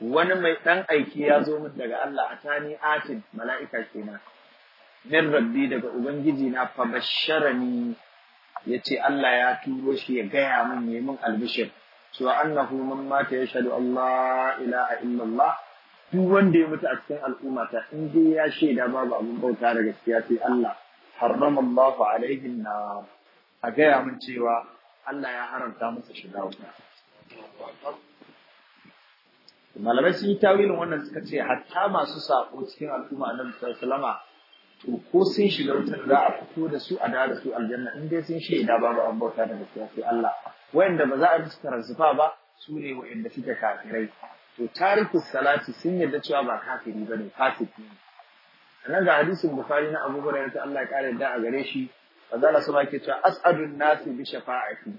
Speaker 1: wani mai dan aiki ya zo min daga Allah a tani atin mala'ika kenan min rabbi daga ubangiji na fa basharani ya ce Allah ya turo shi ya gaya min yi min albishir cewa annahu man mata ya shaɗu Allah ilaha illallah duk wanda ya mutu a cikin al'umma ta, in dai ya shaida babu abin bauta da gaskiya sai Allah harrama Allah alaihi na a gaya min cewa Allah ya haramta masa shiga wuta malamai sun yi tawilin wannan suka ce hatta masu sako cikin al'umma annabi sallallahu alaihi wasallama to ko sun shiga wutar za a fito da su a da da su aljanna in dai sun da babu an bauta da gaskiya sai Allah wayanda ba za a fita zufa ba su ne wayanda suke kafirai to tariku salati sun yarda cewa ba kafiri bane fasiki ne sannan ga hadisin bukhari na abu hurairah ta Allah ya kare da a gare shi bazala su ba ke cewa as'adun nasi bi shafa'ati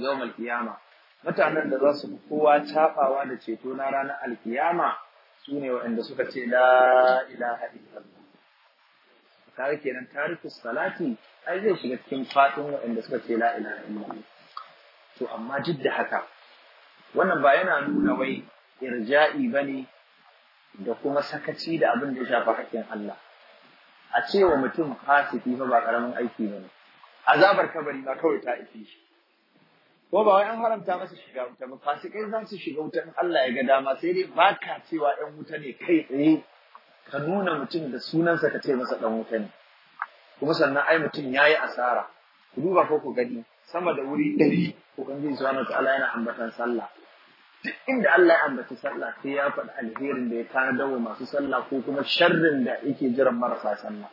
Speaker 1: yawmal qiyama mutanen da za su kowa cafawa da ceto na ranar alkiyama su ne waɗanda suka ce la ilaha illallah kaga kenan tariku salati ai zai shiga cikin fadin waɗanda suka ce la ilaha illallah to amma duk da haka wannan ba yana nuna wai irja'i bane da kuma sakaci da abin da ya shafa hakkin Allah a cewa mutum fasiki fa ba karamin aiki bane azabar kabari ba kawai ta ifi shi ko ba wai an haramta masa shiga wuta ba fasikai za su shiga wuta in Allah ya ga dama sai dai baka cewa 'yan wuta ne kai tsaye ka nuna mutum da sunansa ka ce masa dan wuta ne kuma sannan ai mutum yayi asara ku duba ko ku gani sama da wuri ɗari ubangiji subhanahu ta'ala yana ambatan sallah duk inda Allah ya ambaci sallah sai ya faɗi alherin da ya tanadar wa masu sallah ko kuma sharrin da yake jiran marasa sallah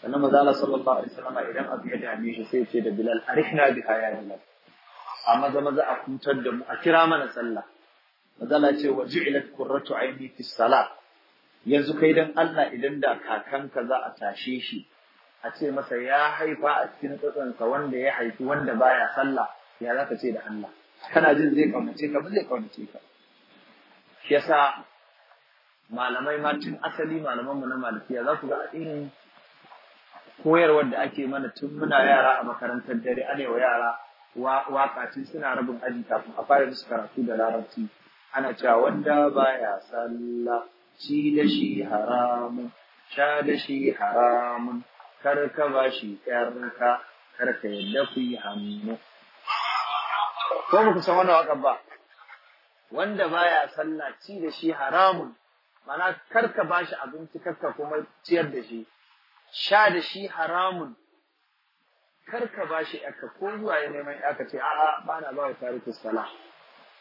Speaker 1: sannan maza Allah sallallahu alaihi wasallam idan abu ya dame shi sai ya ce da Bilal arihna bi ya a maza maza a kutar da mu a kira mana sallah Mazala ce wa ji'ilat qurratu aini fi salat. Yanzu kai dan Allah idan da kakanka za a tashe shi a ce masa ya haifa a cikin tsatsansa wanda ya haifi wanda baya sallah ya za ka ce da Allah. Kana jin zai kaunace ka ba zai kaunace ka. Shi yasa malamai ma tun asali malaman mu na malikiya za ku ga irin koyarwar da ake mana tun muna yara a makarantar dare ana wa yara waƙa tun suna rabin aji kafin a fara musu karatu da larabci ana cewa wanda baya sallah shi da shi haramun sha da shi haramun kar ka ba shi ƙyarka kar ka yadda ku yi hannu ko ku san wannan waƙar ba wanda baya sallah ci da shi haramun mana kar ka ba shi abinci kar ka kuma ciyar da shi sha da shi haramun kar ka ba shi ko zuwa ya neman aka ce a'a ba na ba wa tarihi sallah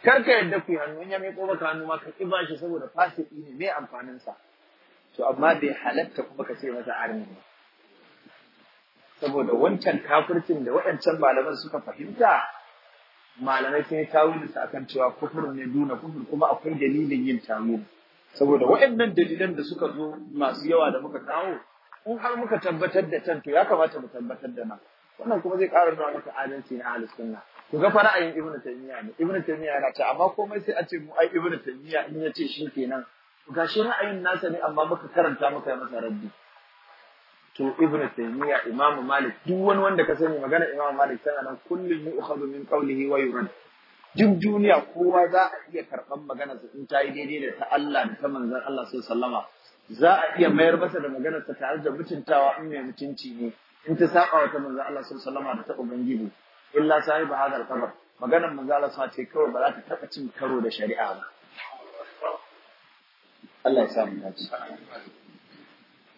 Speaker 1: kar ka yadda ku hannu in ya mai ko baka hannu ma ka ki bashi saboda fasiki ne mai amfanin sa to amma bai halatta kuma ka ce masa arni ba saboda wancan kafircin da waɗancan malaman suka fahimta malamai sun yi tawili sa akan cewa kufur ne nuna, kufur kuma akwai dalilin yin tawo saboda waɗannan dalilan da suka zo masu yawa da muka kawo in har muka tabbatar da can to ya kamata mu tabbatar da nan wannan kuma zai ƙara nuna maka adalci na ahlus sunna ku ga fara'ayin ibnu taymiya ne ibnu taymiya yana ce amma komai sai a ce mu ai ibnu taymiya in ya ce shi kenan shi ra'ayin nasa ne amma muka karanta muka yi masa raddi to ibnu taymiya imamu malik duk wani wanda ka sani magana Imam malik tana nan mu yu'khadhu min qawlihi wa yurad duk duniya kowa za a iya karɓar maganar sa in ta yi daidai da ta Allah da ta manzon Allah sallallahu alaihi za a iya mayar masa da maganar sa tare da mutuntawa in mai mutunci ne in ta saba wa ta manzon Allah sallallahu alaihi da ta ubangiji illa sahibu hadal kabar maganar manzala sa ce kawai ba za ta taɓa cin karo da shari'a ba Allah ya mu dace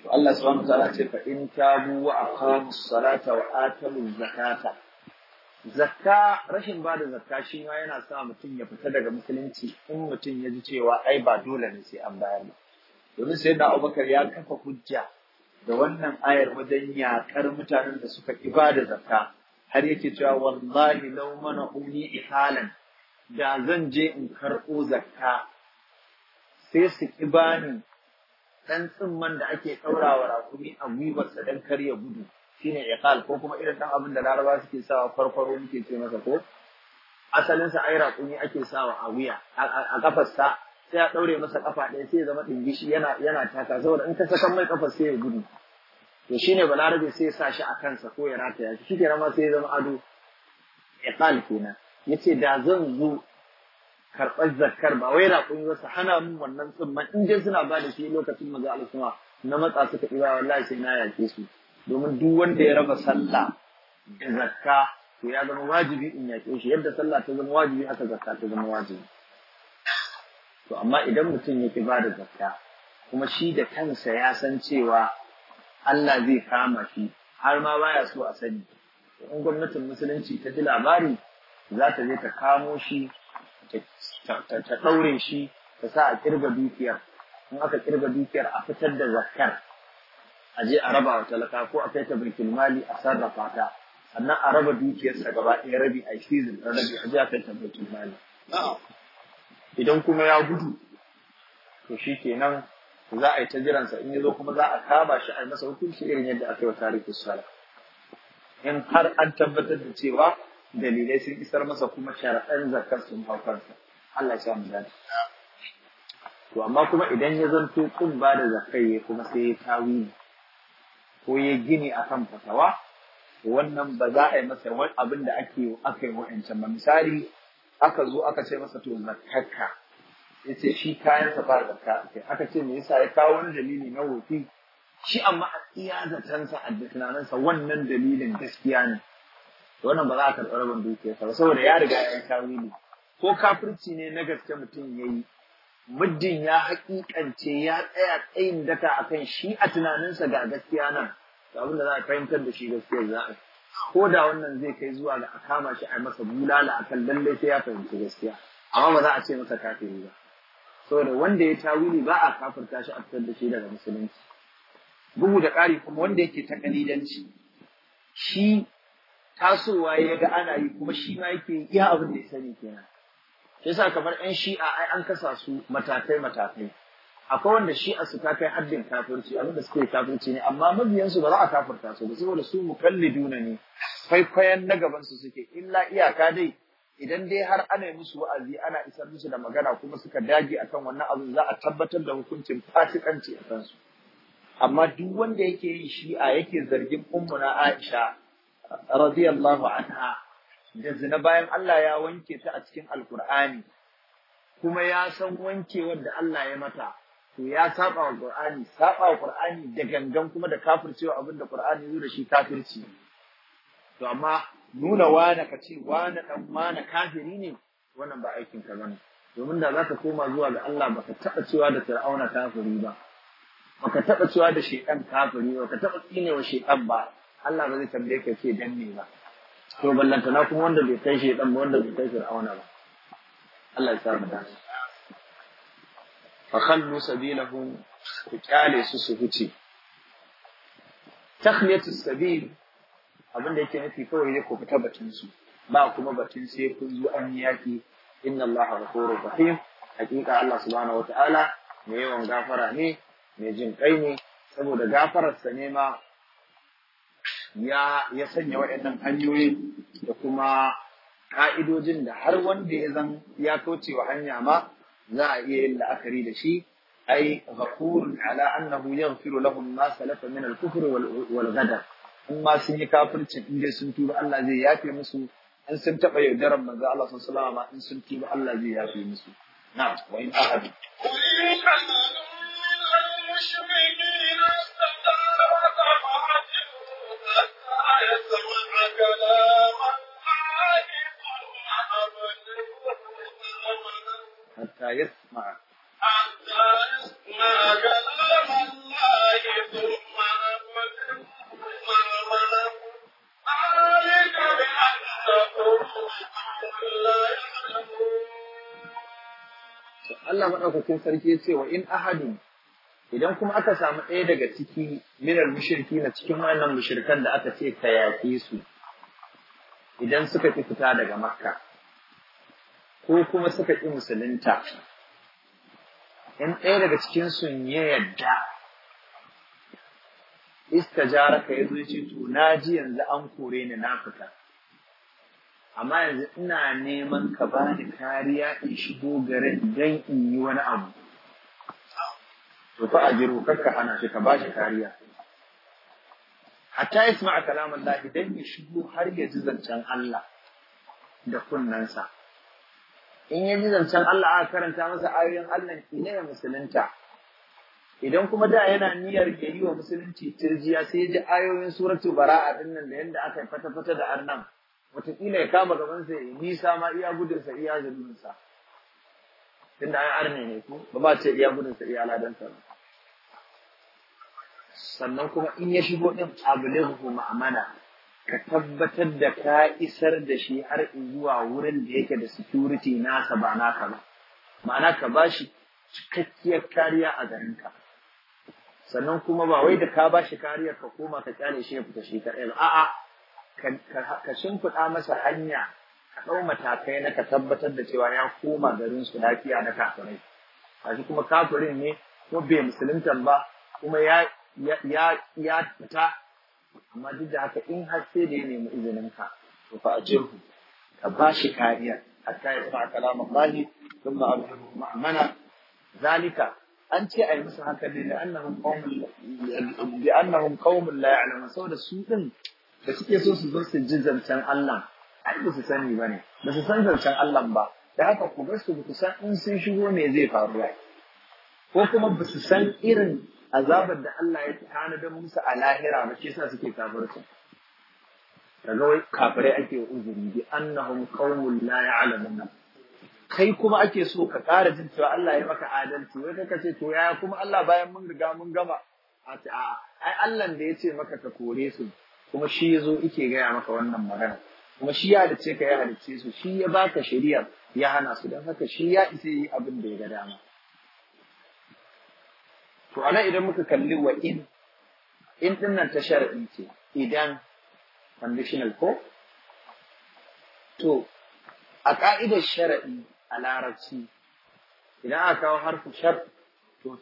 Speaker 1: to Allah subhanahu wa ta'ala ce fa in tabu wa aqamu salata wa atu zakata zakka rashin bada zakka shi ma yana sa mutum ya fita daga musulunci in mutum ya ji cewa ai ba dole ne sai an bayar ba domin sai da Abubakar ya kafa hujja da wannan ayar wajen yakar mutanen da suka ki bada zakka har yake cewa wallahi law mana uni ihalan da zan je in karɓo zakka sai su ki bani dan tsimman da ake ɗaura wa rakumi a gwiwarsa dan kar gudu shine iqal ko kuma irin dan abin da laraba suke sawa farfaro muke ce masa ko asalin sa ai rakumi ake sawa a wuya a kafarsa sai a ɗaure masa kafa ɗaya sai ya zama dingishi yana yana taka saboda in ka saka mai kafar sai ya gudu to shine balarabe sai ya sa shi a kansa ko ya rataya shi kenan ma sai ya zama ado iqal kenan ce da zan zo karɓar zakar ba wai kun yi su hana mun wannan tsumman in dai suna ba da shi lokacin maza al'umma na matsa suka ɗiba wallahi sai na yaƙe su domin duk wanda ya raba sallah da zakka to ya zama wajibi in yaƙe shi yadda sallah ta zama wajibi haka zakka ta zama wajibi to amma idan mutum ya ƙi ba da zakka kuma shi da kansa ya san cewa Allah zai kama shi har ma baya so a sani in gwamnatin musulunci ta ji labari za ta je ta kamo shi ta ɗaure shi ta sa a kirga dukiyar in aka kirga dukiyar a fitar da zakkar a je a raba wa talaka ko a kai ta baitul mali a sarrafa ta sannan a raba dukiyarsa gaba ɗaya rabi a season a rabi a je a kai ta baitul mali idan kuma ya gudu to shi kenan za a yi ta jiransa in ya zo kuma za a kama shi a yi masa hukunci irin yadda aka yi wa tarihi sala in har an tabbatar da cewa dalilai sun isar masa kuma sharaɗan zakar sun hau Allah ya mu dace to amma kuma idan ya zanto kun ba da zakai kuma sai ya tawi ko ya gini akan fatawa wannan ba za a yi masa wani abin da ake aka yi wa'ancan ba misali aka zo aka ce masa to zakarka ya shi kayan safar da ka ake aka ce me yasa ya kawo wani dalili na wofi shi amma a iya sa a tunaninsa wannan dalilin gaskiya ne wannan ba za a karɓi rabin dukiyarsa ba saboda ya riga ya ne. ko kafirci ne na gaske mutum ya yi muddin ya haƙiƙance ya tsaya tsayin daka akan shi a tunaninsa ga gaskiya nan ga abin za a fahimtar da shi gaskiya za a ko da wannan zai kai zuwa ga a kama shi a masa bulala akan lallai sai ya fahimci gaskiya amma ba za a ce masa kafiri ba saboda wanda ya tawili ba a kafirta shi a fitar da shi daga musulunci bugu da ƙari kuma wanda yake ta kalidanci shi tasowa ya ga ana yi kuma shi ma yake iya abin da ya sani kenan shi yasa kamar yan shi'a ai an kasa su matakai matakai akwai wanda shi'a su ta kai haddin kafirci abin da suke kafirci ne amma mabiyansu ba za a kafirta su ba saboda su na ne kwaikwayon na gaban su suke illa iyaka dai idan dai har ana musu wa'azi ana isar musu da magana kuma suka dage kan wannan abu za a tabbatar da hukuncin fasikanci a kansu amma duk wanda yake yi shi'a yake zargin na Aisha radiyallahu anha da zina bayan Allah ya wanke ta a cikin alkur'ani kuma ya san wanke wanda Allah ya mata to ya saɓa wa qur'ani saba wa qur'ani da gangan kuma da kafircewa abin da qur'ani da shi kafirci to amma nuna wane ka ce wane dan mana kafiri ne wannan ba aikin ka bane domin da zaka koma zuwa ga Allah baka taba cewa da Fir'auna kafiri ba baka taba cewa da shekan kafiri ba ka taba tsinewa shekan ba Allah ba zai tambaye ka ce dan ne ba to ballantana kuma wanda bai kai shekan ba wanda bai kai Fir'auna ba Allah ya sa mu dace fa khallu sabilahum ku kyale su su huce takhliyatu sabil abin da yake nufi kawai ne ku fita batun su ba kuma batun sai kun zo an yaki inna Allah ghafurur rahim hakika Allah subhanahu wataala mai yawan gafara ne mai jin kai ne saboda gafararsa ne ma ya ya sanya waɗannan hanyoyi da kuma ka'idojin da har wanda ya zan ya wa hanya ma za a iya yin la'akari da shi ai ghafurun ala annahu yaghfiru lahum ma salafa min al-kufr wal ghadar in ma sun yi kafircin in dai sun tuba Allah zai yafe musu in sun taɓa yaudarar manzo Allah sallallahu alaihi in sun tuba Allah zai yafe musu na'am wa in ahadu حتى يسمع madaukakin sarki ya ce wa in ahadin idan kuma aka samu ɗaya daga ciki minar mushriki na cikin wannan mushrikan da aka ce ka yaƙi su idan suka ƙi fita daga makka ko kuma suka ƙi musulunta in ɗaya daga cikin sun ya yadda jara ya zo ce to na ji yanzu an kore ni na fita amma yanzu ina neman ka bani kariya in shigo garin dan in yi wani abu to fa ajiru ka ana shi ka bashi kariya hatta yasma kalaman Allah dan in shigo har ya ji zancen Allah da kunnansa in ya ji zancen Allah aka karanta masa ayoyin Allah ne ya musulunta idan kuma da yana niyyar ya yi wa musulunci tirjiya sai ya ji ayoyin suratul bara'a dinnan nan da yanda aka fata fata da annan wataƙila ya kama gabansa ya nisa ma iya gudunsa iya zunubinsa tunda an arne ne ko ba ba ce iya gudunsa iya ladansa ba sannan kuma in ya shigo din kuma amana ka tabbatar da ka isar da shi har zuwa wurin da yake da security nasa ba naka ba ma'ana ka ba shi cikakkiyar kariya a garinka sannan kuma ba wai da ka ba shi kariyar ka koma ka kyale shi ya fita shi kaɗai a'a ka shimfiɗa masa hanya ka ɗau matakai na ka tabbatar da cewa ya koma garin su lafiya na kafirai kashi kuma kafirin ne ko bai musuluntan ba kuma ya ya fita amma duk da haka in har sai da ya nemi izinin ka to fa ajirhu ka ba shi kariya hatta ya sa kalam Allah thumma arjuhu ma'mana zalika an ce ayi musu haka ne da annahum qaumun la ya'lamun su din da suke so su zo su ji zancen Allah ai ba su sani ba ne ba su san zancen Allah ba da haka ku bar su ku san in sun shigo me zai faru ba ko kuma ba su san irin azabar da Allah ya da musu a lahira ba shi yasa suke kafirci kaga wai kafirai ake uzuri bi annahum qaumun la ya'lamun kai kuma ake so ka ƙara jin cewa Allah ya maka adalci wai kaka ce to yaya kuma Allah bayan mun riga mun gama a ce ai Allah da ya ce maka ka kore su kuma shi ya zo ike gaya maka wannan magana kuma shi ya ce ka ya halicce su shi ya baka shari'a ya hana su don haka shi ya isa yi abin da ya ga dama to ana idan muka kalli wa in in din nan ta shar'i ce idan conditional ko to a ka'idar shar'i a larabci idan aka kawo harfin shar to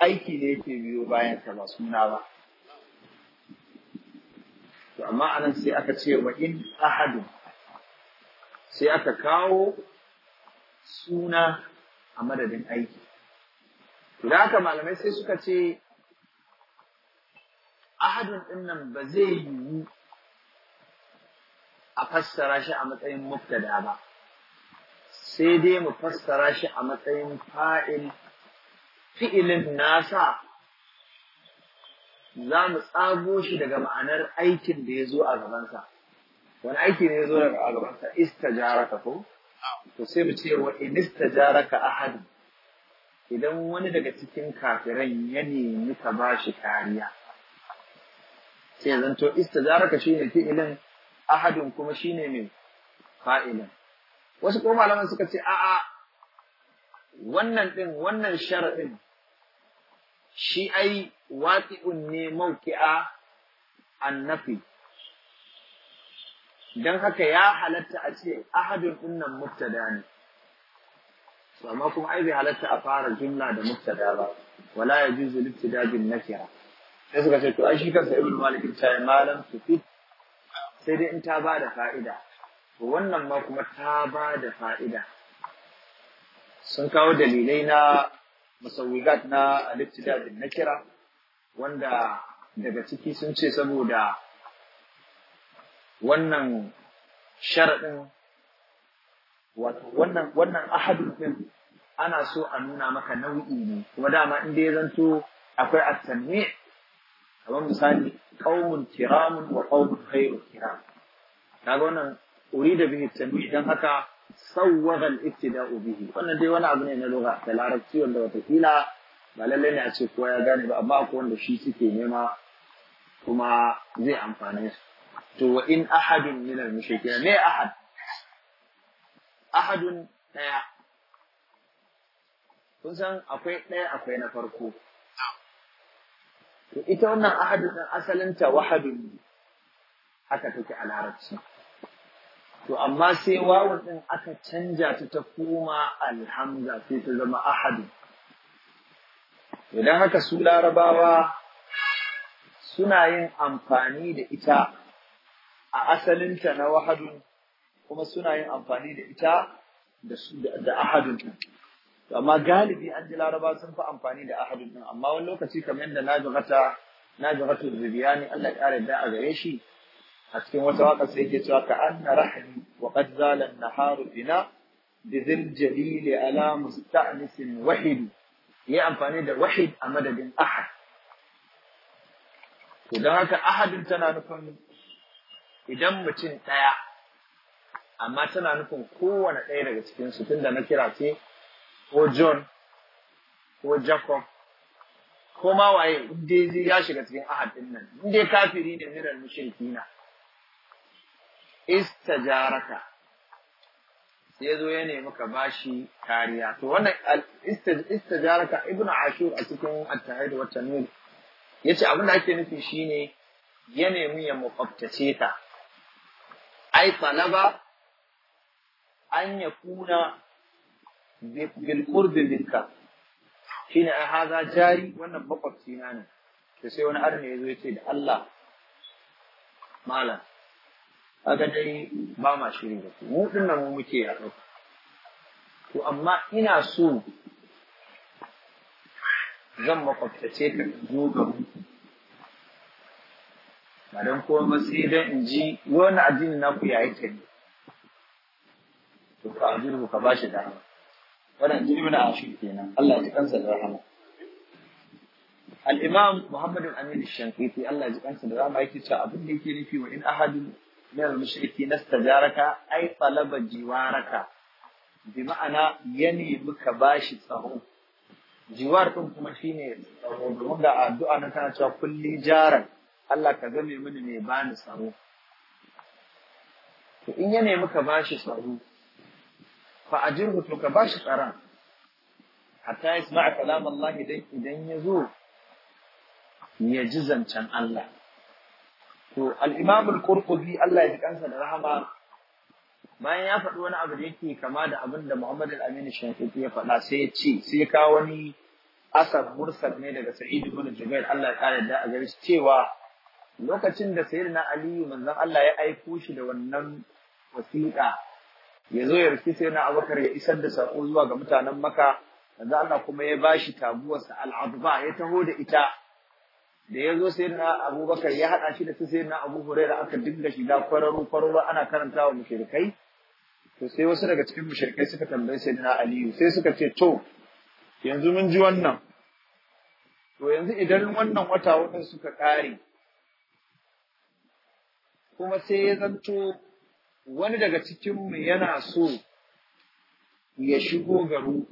Speaker 1: aiki ne yake biyo bayan ka ba suna ba to amma anan sai aka ce wa in ahadu sai aka kawo suna a madadin aiki
Speaker 2: to da haka malamai sai suka
Speaker 1: ce ahadun ɗinnan nan ba zai yiwu a fassara shi a matsayin mubtada ba sai dai mu fassara shi a matsayin fa'il fi'ilin nasa za mu tsago shi daga ma'anar aikin da ya zo a gabansa wani aiki ne ya zo daga a gabansa jaraka ko to sai mu ce wa in a ahadu idan wani daga cikin kafiran ya nemi ka ba shi kariya sai zan to jaraka shi shine fi'ilin ahadin kuma shine mai fa'ilin wasu kuma malaman suka ce a'a wannan ɗin, wannan sharaɗin shi ai waƙi'un ne mauki'a annafi dan haka ya halatta a ce ahadun ɗinnan mubtada ne amma kuma ai bai halatta a fara jumla da mubtada ba wala ya juzu libtida bin nakira sai suka ce to ai shi kansa ibnu malik ta yi malam sufit sai dai in ta ba da fa'ida to wannan ma kuma ta ba da fa'ida sun kawo dalilai na musawigat na libtida bin nakira wanda daga ciki sun ce saboda wannan sharaɗin wannan wannan ahadu ana so a nuna maka nau'i ne kuma dama in dai zanto akwai a kamar misali ƙaunin kiramun wa ƙaunin khairu kiram ga wannan urida bihi at-tanmi dan haka sawwaga al-ibtida'u bihi wannan dai wani abu ne na lugha da larabci wanda watakila ba lallai ne a ce kowa ya gane ba amma akwai wanda shi suke nema kuma zai amfane su to wa in ahadun min al mushrikin ne ahad ahadun daya kun san akwai daya akwai na farko to ita wannan ahadun din asalin ta wahadun haka take a larabci to amma sai wawun din aka canja ta ta koma alhamza sai ta zama ahadun Idan haka su larabawa suna yin amfani da ita a asalinta na wahadun kuma suna yin amfani da ita da ahadun amma galibi an ji laraba sun fi amfani da ahadun din amma wani lokaci kamar yadda najihata da zubiyani Allah ya kare da a gare shi a cikin wata waka sai yake cewa ka anna rahmi wa qad zala an-naharu bina bi jalili ala musta'nisin wahidi ya amfani da wahid a madadin ahad to haka ahadin tana nufin idan mutum ɗaya amma tana nufin kowane ɗaya daga cikin su tunda na kira ce ko John ko Jacob ko ma waye dai ya shiga cikin ahad nan in dai kafiri ne miran mushrikina istajaraka sai zo ya nemi ka ba shi kariya to wannan istijaraka ibnu ashur a cikin at-tahid wa tanwir yace abin da ake nufi shine ya nemi ya mukaftace ta ai talaba an kuna bil qurbi minka shine ai haza jari wannan makwabci ne sai wani arne ya zo ya ce da Allah malam kaga dai ba ma shiri da ku. mu dinnan mu muke yaɗo to amma ina so zan makwabtace ka zo ga ba don kuma ba sai don in ji wani addini naku ya yi ta ne to ka ajiyar ka bashi shi dama wannan jirgin a shi kenan Allah ya kansa da rahama al-imam muhammad al-amin al-shankiti Allah ya kansa da rahama yake cewa abin da yake nufi wa in ahadun من المشركين استجارك أي طلب جوارك بمعنى يني بك باشي tsaro. jiwar ɗin kuma shine tsaro domin da na tana kulli jaran Allah ka zame mini mai bani tsaro to in ya nemi bashi tsaro fa ajirhu to ka bashi tsaron hatta yasma'a kalam Allah idan idan ya zo ya ji zancen Allah to al-imam Allah ya ji kansa da rahama bayan ya faɗi wani abu da yake kama da abin da Muhammad al-Amin Shafi'i ya faɗa sai ya ce sai ya kawo wani asar mursal ne daga Sa'id ibn Jubair Allah ya kare da a gare shi cewa lokacin da Sayyidina Ali manzon Allah ya aiko shi da wannan wasiƙa ya zo ya riki Sayyidina Abubakar ya isar da sako zuwa ga mutanen Makka manzon Allah kuma ya bashi tabuwarsa al-Adba ya taho da ita da ya zo sai na abubakar ya haɗa shi da su sai na abu da aka dinga shiga kwararo kwararo ana karanta wa mushrikai to sai wasu daga cikin mushrikai suka tambayi sai na aliyu sai suka ce to yanzu mun ji wannan to yanzu idan wannan wata wata suka ƙare kuma sai ya zanto wani daga cikinmu yana so
Speaker 2: ya shigo
Speaker 1: garu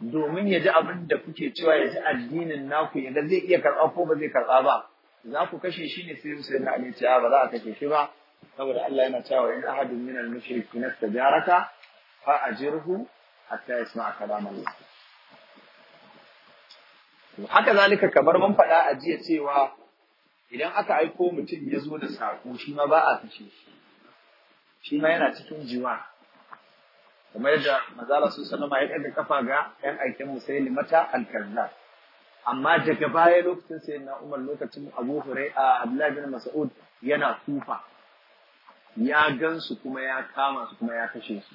Speaker 1: domin ya ji abin da kuke cewa ya ji addinin naku ya ga zai iya karɓa ko ba zai karɓa ba za ku kashe shi ne sai sai na ne cewa ah, ba za a kashe shi ba saboda Allah yana cewa in ahadin min al mushrikin istajaraka fa ajirhu hatta yasma'a kalam Allah haka zalika kamar mun faɗa a jiya cewa idan aka aiko mutum ya zo da sako shi ma ba a kashe shi shi ma yana cikin jiwa kuma yadda manzala su sallama ya kada kafa ga yan aikin musailimata al-kazzab amma daga baya lokacin sai na Umar lokacin Abu Hurai a Abdullahi bin Mas'ud yana kufa ya gansu kuma ya kama su kuma ya kashe su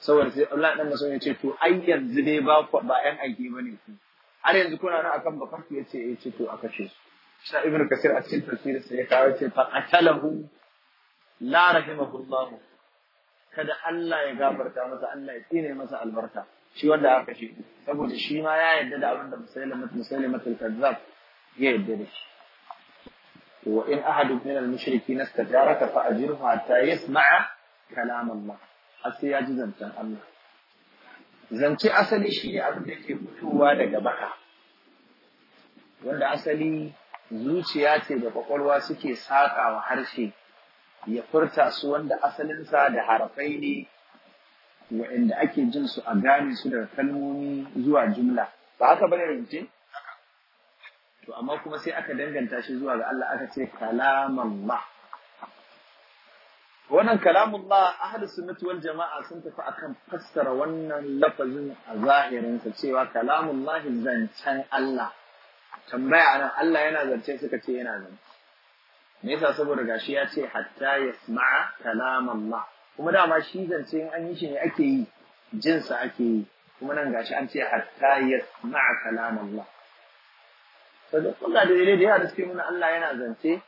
Speaker 1: saboda sai Abdullah dan Mas'ud ya ce to ai yanzu dai ba ba yan aiki bane ku har yanzu kuna nan akan bakarki ya ce eh, ya ce to a kashe su sha ibn kasir a cikin tafsirin sa ya kawo ce fa qatalahu la rahimahullahu kada Allah ya gafarta masa Allah ya tsine masa albarka shi wanda aka shi, saboda shi ma ya yarda da abin da musailimat musailimat al-kazzab ya yarda da shi wa in ahadu min al-mushriki nastajaraka fa ajirhu hatta yasma'a kalam Allah har ya ji zancen Allah zance asali shi ne abin da ke fitowa daga baka wanda asali zuciya ce da kwakwalwa suke saƙa wa harshe ya furta su wanda asalinsa da harafai ne wa'inda ake jin su a gane su daga kalmomi zuwa jumla ba haka bane rubuce to amma kuma sai aka danganta shi zuwa ga Allah aka ce kalamallah wannan kalamullah ahlus sunnati wal jama'a sun tafi akan fassara wannan lafazin a zahirin sa cewa kalamullah zancen Allah tambaya anan Allah yana zance suka ce yana zance me yasa saboda gashi ya ce hatta yasma'a kalam Allah kuma dama shi zance in an yi shi ne ake yi sa ake yi kuma nan gashi an ce hatta yasma'a kalam Allah to duk Allah da yare da ya da suke Allah yana zance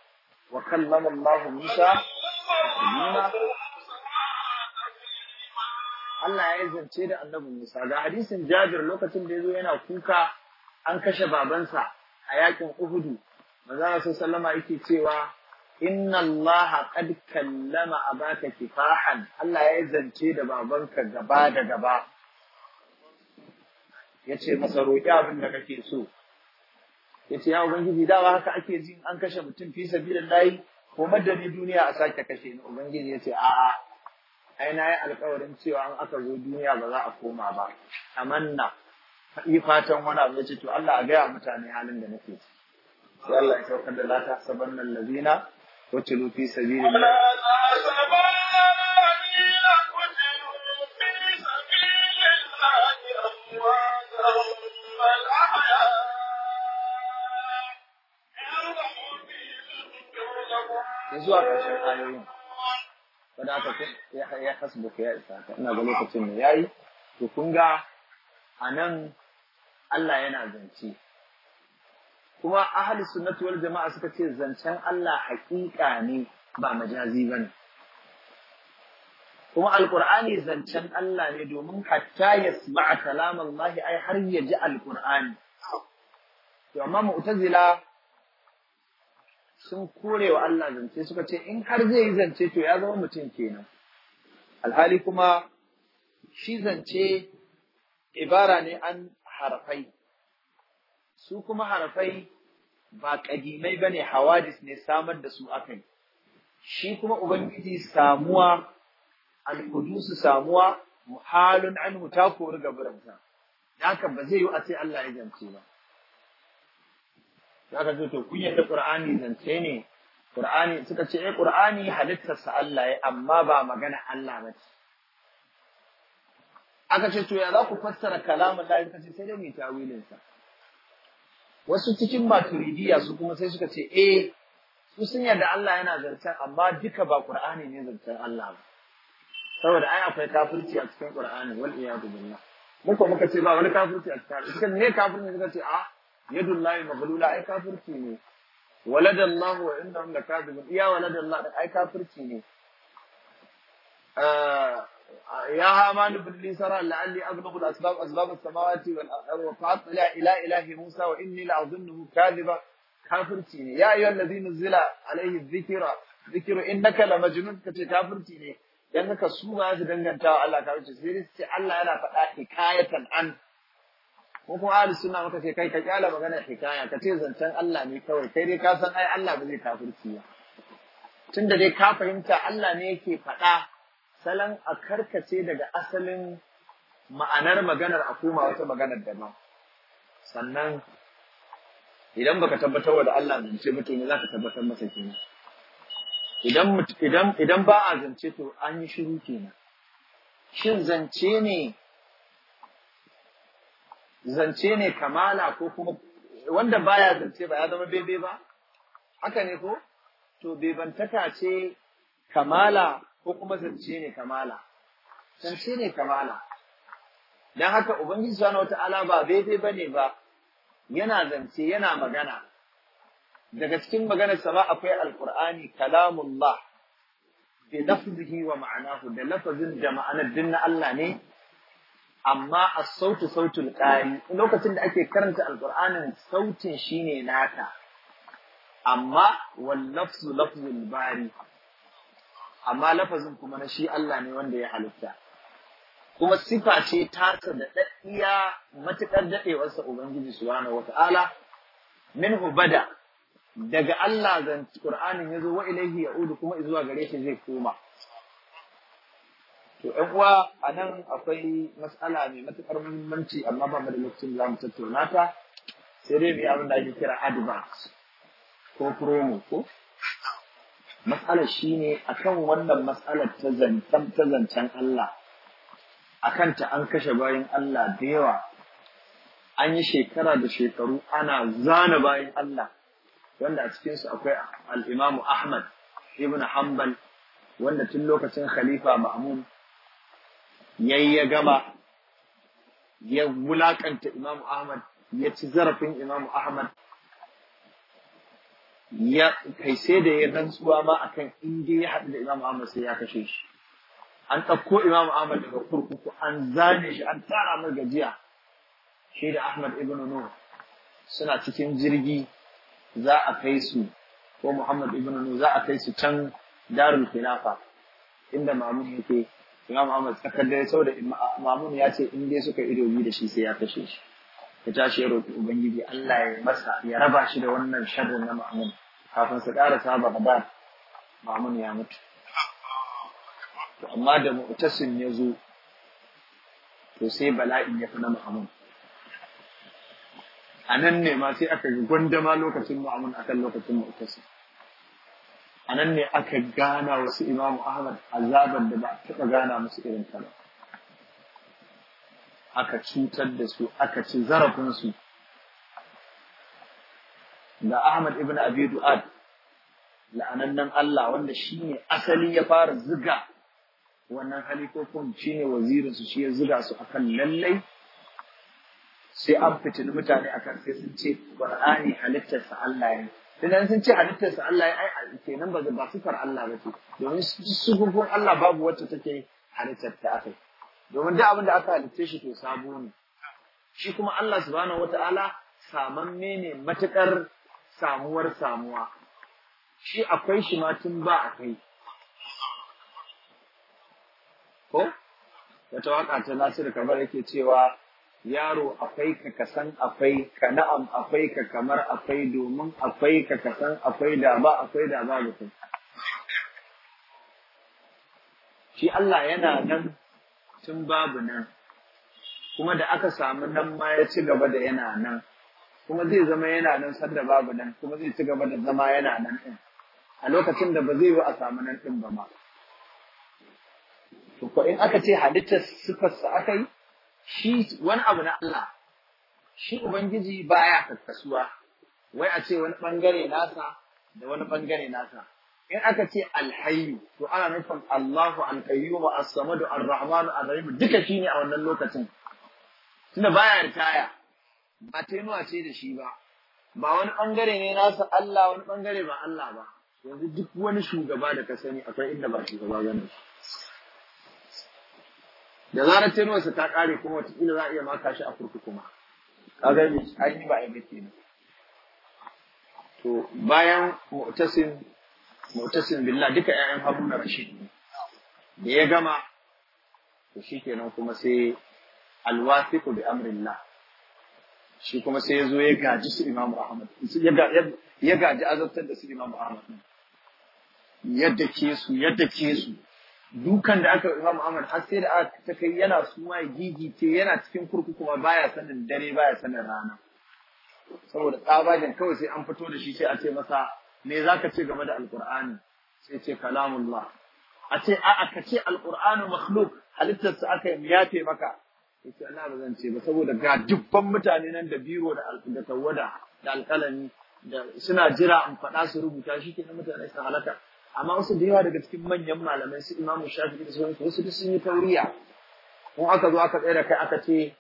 Speaker 1: wa kallama Allah Musa Allah ya zance da annabi Musa ga hadisin Jabir lokacin da yazo yana kuka an kashe babansa a yakin Uhudu manzo Allah sallama yake cewa inna Allah qad kallama abaka kifahan Allah ya zance da babanka gaba da gaba yace masa roƙi abin da kake so yace ya ubangiji dawa haka ake jin an kashe mutum fi sabilillahi ko madani duniya a sake kashe ni ubangiji yace a'a ai na yi alƙawarin cewa an aka zo duniya ba za a koma ba amanna yi fatan wani abu yace to Allah a gaya mutane halin da nake ciki sai Allah ya saukar da la tahsabanna allazina قتلوا في سبيل الله zuwa ƙarshen ayoyin wadda aka ya hasbuka ya isa ta ina ga lokacin da yayi to kun ga a nan Allah yana zance kuma ahli sunnati wal jama'a suka ce zancen Allah haƙiƙa ne ba majazi ba ne kuma alƙur'ani zancen Allah ne domin hatta yasma'a kalaman Allah ai har ya ji alƙur'ani to amma mu'tazila sun korewa Allah zance suka ce in har zai yi zance to ya zama mutum kenan alhali kuma shi zance ibara ne an harfai su kuma harafai ba ƙadimai ba ne hawadis ne samar da su akai shi kuma ubangiji samuwa alkudusu samuwa muhalun anhu ta kori gaburansa haka ba zai yi a ce Allah ya zance ba zaka ce to kun da qur'ani zance ne qur'ani suka ce eh qur'ani halittarsa Allah ya amma ba magana Allah ba ce aka ce to ya za ku fassara kalamun Allah ce sai dai mu tawilinsa wasu cikin maturidiya su kuma sai suka ce eh su sun yarda Allah yana zartar, amma duka ba Qur'ani ne zartar Allah ba saboda ai akwai kafirci a cikin Qur'ani wal iyadu billah muka muka ce ba wani kafirci a cikin suka ne kafirci suka ce a ah, yadullahi maghlula ai kafirci ne waladallahu wa innahum lakazibun iya waladallahu ai kafirci ne ah, يا هامان ابن لي سرا لعلي اغلب الاسباب اسباب السماوات والارض لا اله الا موسى واني لاظنه كاذبا kafirci ne ya ayyuhal ladina zila alaihi dhikra dhikru innaka lamajnun kace kafirci ne dan haka su ma su danganta wa Allah kafirci sai sai Allah yana faɗa hikayatan an ko kuma ahli sunna muka ce kai ka kyala magana hikaya ka ce zancen Allah ne kawai kai dai ka san ai Allah ba zai ba tunda dai ka fahimta Allah ne yake faɗa salon a karkace daga asalin ma'anar maganar a koma wata maganar da ma sannan idan baka tabbatar da Allah zance ba to ne zaka tabbatar masa kenan idan idan idan ba a zance to an yi shiru kenan shin zance ne zance ne kamala ko kuma wanda baya zance ba ya zama bebe ba haka ne ko to bebantaka ce kamala ko kuma zance ne kamala zance ne kamala dan haka ubangiji subhanahu wataala ba daidai bane ba yana zance yana magana daga cikin maganarsa ba akwai alqur'ani kalamullah bi lafzihi wa ma'anahu da lafazin da ma'anar din na Allah ne amma as-sautu sautul qari lokacin da ake karanta alqur'anin sautin shine naka amma wal lafzu lafzul bari amma lafazin kuma na shi Allah ne wanda ya halitta kuma sifa ce ta da ɗaɗɗiya matukar daɗewarsa ubangiji subhanahu wata'ala minhu bada daga Allah zan ya zo wa ilaihi Udu kuma zuwa gare shi zai koma To ‘yan uwa a nan akwai matsala mai matuƙar muhimmanci amma ba mu da lokacin za mu tattauna ta sai dai mu yi abin da ake kira advance ko promo ko matsalar shine akan wannan matsalar ta zancen ta zancen Allah A kanta an kashe bayan Allah da yawa an yi shekara da shekaru ana zana bayan Allah wanda a cikinsu akwai al'imamu Ahmad ibn Hanbal wanda tun lokacin Khalifa ya yi ya gama ya wulakanta Imamu Ahmad ya ci zarafin Imamu Ahmad ya kai sai da ya rantsuwa ma akan in dai ya haɗu da Imam Ahmad sai ya kashe shi an ɗauko Imam Ahmad daga kurkuku an zane shi an tara mai gajiya shi da Ahmad ibn Nur suna cikin jirgi za a kai su ko Muhammad ibn Nur za a kai su can Darul Khilafa inda Mamun yake Imam Ahmad tsakar da ya sau da Mamun ya ce in dai suka ido bi da shi sai ya kashe shi ya tashi ya roƙi ubangiji Allah ya masa ya raba shi da wannan sharrin na ma'amun kafin su ƙara saba ba ma'amun ya mutu to amma da mu'tasim ya zo to sai bala'in ya fi na ma'amun a nan ne ma sai aka ga gwandama lokacin ma'amun akan lokacin mu'tasim a nan ne aka gana wasu imamu ahmad azaban da ba a taɓa gana musu irin ta ba aka cutar da su aka ci zarafinsu da Ahmad ibn Abi Du'ad la'anannan Allah wanda shine asali ya fara ziga wannan halifofin shine wazirin su shi ya ziga su akan lallai sai an fitini mutane akan sai sun ce Qur'ani halittarsa Allah ne Tunan sun ce halittarsa Allah ya ai kenan ba ba sifar Allah ba ce domin sufufin Allah babu wacce take halittar ta akai domin duk abin da aka halitta shi to sabo ne shi kuma Allah subhanahu wataala saman ne matukar samuwar samuwa shi akwai shi ma tun ba akai ko wata waka ta Nasiru kamar yake cewa yaro akwai ka kasan akwai ka na'am akwai ka kamar akwai domin akwai ka kasan akwai da ba akwai da ba da shi Allah yana nan tun babu nan kuma da aka samu nan ma ya ci gaba da yana nan kuma zai zama yana nan sanda babu nan kuma zai ci gaba da zama yana nan din a lokacin da ba zai yi a samu nan ɗin ba ma to ko in aka ce halittar sifarsa aka yi shi wani abu na Allah shi ubangiji baya kakkasuwa wai a ce wani bangare nasa da wani bangare nasa in aka ce alhayyu to ana nufin Allahu al wa as-samad ar-rahman ar-rahim duka shi ne a wannan lokacin tunda baya ritaya ba taimawa ce da shi ba ba wani bangare ne nasa Allah wani bangare ba Allah ba yanzu duk wani shugaba da ka sani akwai inda ba shugaba gane da zarar sa ta kare kuma wata za a iya maka shi a kurkuku ma ka gani an yi ba a yi kenan to bayan mu'tasim mutasim billah duka ƴaƴan Haruna Rashid da ya gama to shikenan kuma sai alwafiqu bi amrillah shi kuma sai ya zo ya gaji su Imam Ahmad ya gaji azabtar da su Imam Ahmad yadda ke su yadda ke su dukan da aka imamu Ahmad har sai da aka ta kai yana suma gigice yana cikin kurkuku kuma baya sanin dare baya sanin rana saboda tsabagen kawai sai an fito da shi sai a ce masa me ka ce game da alqur'ani sai ce kalamullah a ce a'a ka ce alqur'anu makhluq halittarsa aka yi ya maka yace Allah ba zan ce ba saboda ga dubban mutane nan da biro da tawwada da alƙalami da suna jira in faɗa su rubuta shi kenan mutane su halaka amma wasu da yawa daga cikin manyan malamai su Imam Shafi'i da sauransu wasu duk sun yi tauriya kun aka zo aka tsere da kai aka ce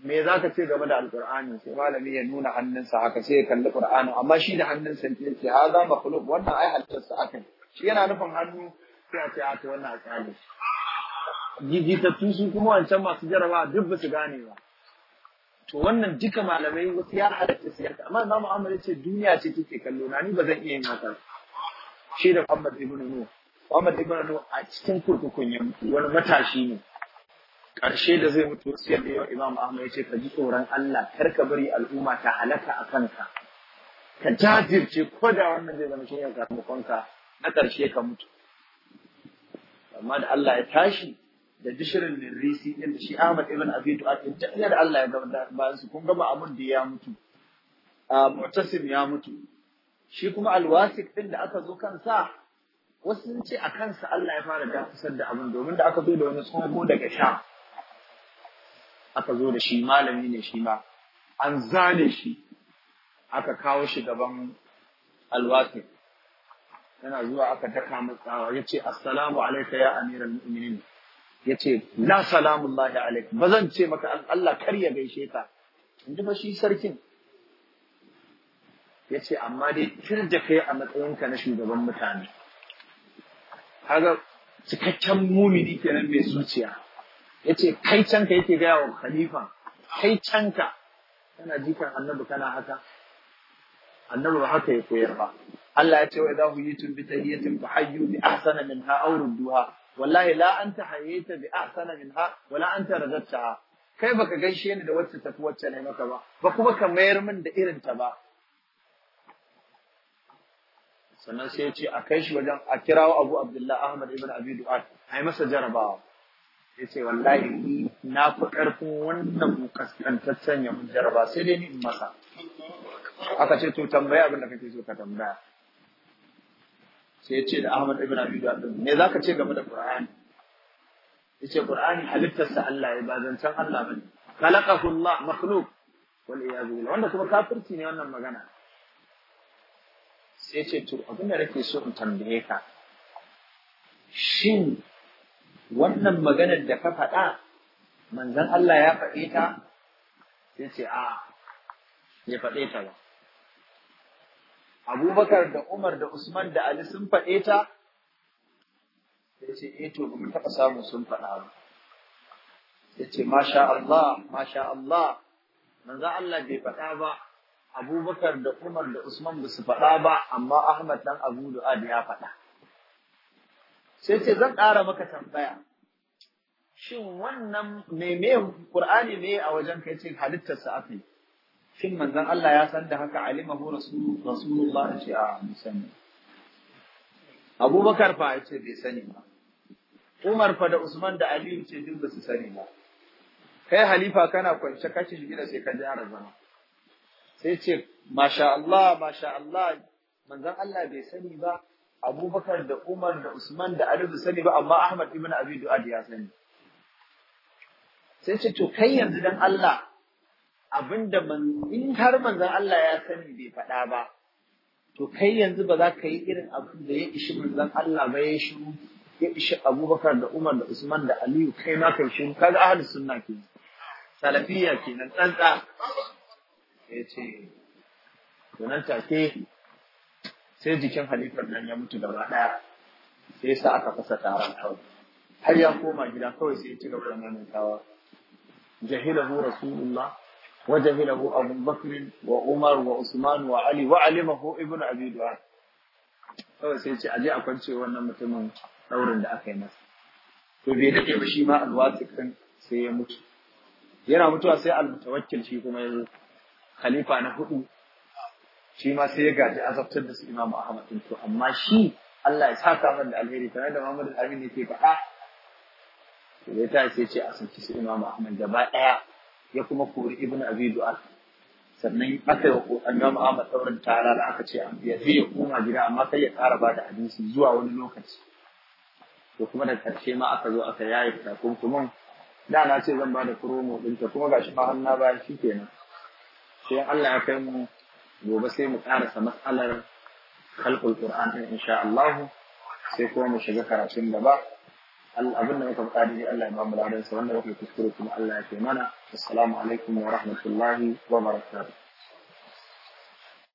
Speaker 1: me za ka ce game da alkur'ani sai malami ya nuna hannunsa haka sai ya kalli qur'ani amma shi da hannunsa ne ce, ha za makhluq wannan ai halittarsa aka shi yana nufin hannu sai a ce a ce wannan alƙali jijitattu su kuma wancan masu jaraba duk ba su gane ba to wannan duka malamai wasu ya halatta su yarda amma imamu mu'amala ya ce duniya ce take kallo na ni ba zan iya yin haka shi da Muhammad ibn Nuh Muhammad ibn Nuh a cikin kurkukun ya wani matashi ne ƙarshe da zai mutu wasiyar da yawa Imam Ahmad ya ce ka ji tsoron Allah kar ka bari al'umma ta halaka a kanka ka jajirce ko da wannan zai zama shi ne sakamakonka na ƙarshe ka mutu amma da Allah ya tashi da dishirin lirrisi din da shi Ahmad ibn Abi Du'at da Allah ya gaba bayan su kun gama amun da ya mutu a Mu'tasim ya mutu shi kuma alwasik din da aka zo kansa wasu sun ce a kansa Allah ya fara dafisar da abin domin da aka zo da wani tsoho daga sha aka zo da shi malami ne shi ma an zane shi aka kawo shi gaban alwasi yana zuwa aka daka matsawa ya ce assalamu alaika ya amiral mu'minin ya ce la salamun lahi alaik ba zan ce maka Allah kar ya gaishe ka in ji shi sarkin ya ce amma dai kirja da kai a matsayinka na shugaban mutane kaga cikakken mumini kenan mai zuciya ya ce kai canka yake gaya wa khalifa kai ka. kana jikan annabi kana haka annabi ba haka ya koyar ba Allah ya ce wa idahu yitum bi tahiyatin fa hayyu bi ahsana minha aw rudduha wallahi la anta hayyata bi ahsana minha wa la anta radattaha kai baka gaishe ni da wacce tafi wacce ne maka ba ba kuma ka mayar min da irin ta ba sannan sai ya ce a kai shi wajen a kirawo Abu Abdullah Ahmad ibn Abi Du'ad ai masa jarabawa ya ce wallahi ni na fi ƙarfin wannan kaskantaccen ya mun ba sai dai ni in masa aka ce to tambaya abin da kake so ka tambaya sai ya ce da Ahmad ibn Abi Dawud me zaka ce game da Qur'ani yace Qur'ani halittarsa Allah ya bazancan Allah bane khalaqahu Allah makhluq wal iyad billah wanda kuma kafirci ne wannan magana sai ce to abin da nake so in tambaye ka shin wannan maganar da ka faɗa manzon Allah ya faɗe ta sai ce a ya faɗe ta ba Abubakar da Umar da Usman da Ali sun faɗe ta sai ce eh to ba taɓa samu sun faɗa ba sai ce masha Allah masha Allah manzon Allah bai faɗa ba Abubakar da Umar da Usman ba su faɗa ba amma Ahmad dan Abu Du'ad ya faɗa sai ce zan ƙara maka tambaya shin wannan me me qur'ani ne a wajen kai ce halittar sa akai shin manzon Allah ya san da haka alimahu rasulu rasulullah ce a musanni Abubakar fa ya ce bai sani ba Umar fa da Usman da Aliyu ce duk ba su sani ba kai halifa kana kwance kashi gida sai ka jara zama sai ce masha Allah masha Allah manzon Allah bai sani ba abubakar da umar da usman da ali sani ba amma ahmad ibn abi du'ad ya sani sai ce to kai yanzu dan Allah abinda man in har manzon Allah ya sani bai faɗa ba to kai yanzu ba za ka yi irin abin da ya ishi manzon Allah ba ya shiru ya ishi Abubakar da Umar da Usman da Aliyu kai ma kai shiru kaga ahli sunna ke salafiyya kenan tsantsa Ya to nan take sai jikin halifar nan ya mutu gaba ɗaya sai sa aka fasa taron kawai har ya koma gida kawai sai ya ci gaba da mamantawa jahilahu rasulullah wa jahilahu abu bakr wa umar wa usman wa ali wa alimahu ibnu abi du'a kawai sai ce aje a kwance wannan mutumin daurin da aka yi masa to bai dade ba shi ma alwasik sai ya mutu yana mutuwa sai almutawakkil shi kuma ya khalifa na hudu shi ma sai ya gaji azabtar da su imamu Ahmad din to amma shi Allah ya sa masa da alheri tare da Muhammad Amin yake faɗa to ya ta sai ce a saki su Imam Ahmad gaba ɗaya ya kuma kori Ibn Abi Du'al sannan aka yi Imam Ahmad sauran tara da aka ce ya fi ya koma gida amma sai ya ƙara ba da hadisi zuwa wani lokaci to kuma da ƙarshe ma aka zo aka yaye takunkumin da na ce zan ba da promo ɗinta kuma gashi shi har na bayan shi kenan sai Allah ya kai mu gobe sai mu karasa matsalar khalqul qur'an din insha Allah sai kuma mu shiga karatun gaba abin da muka faɗa dai Allah ya ba mu ladan wanda muka kuskure kuma Allah ya kai mana assalamu alaikum wa rahmatullahi
Speaker 2: wa barakatuh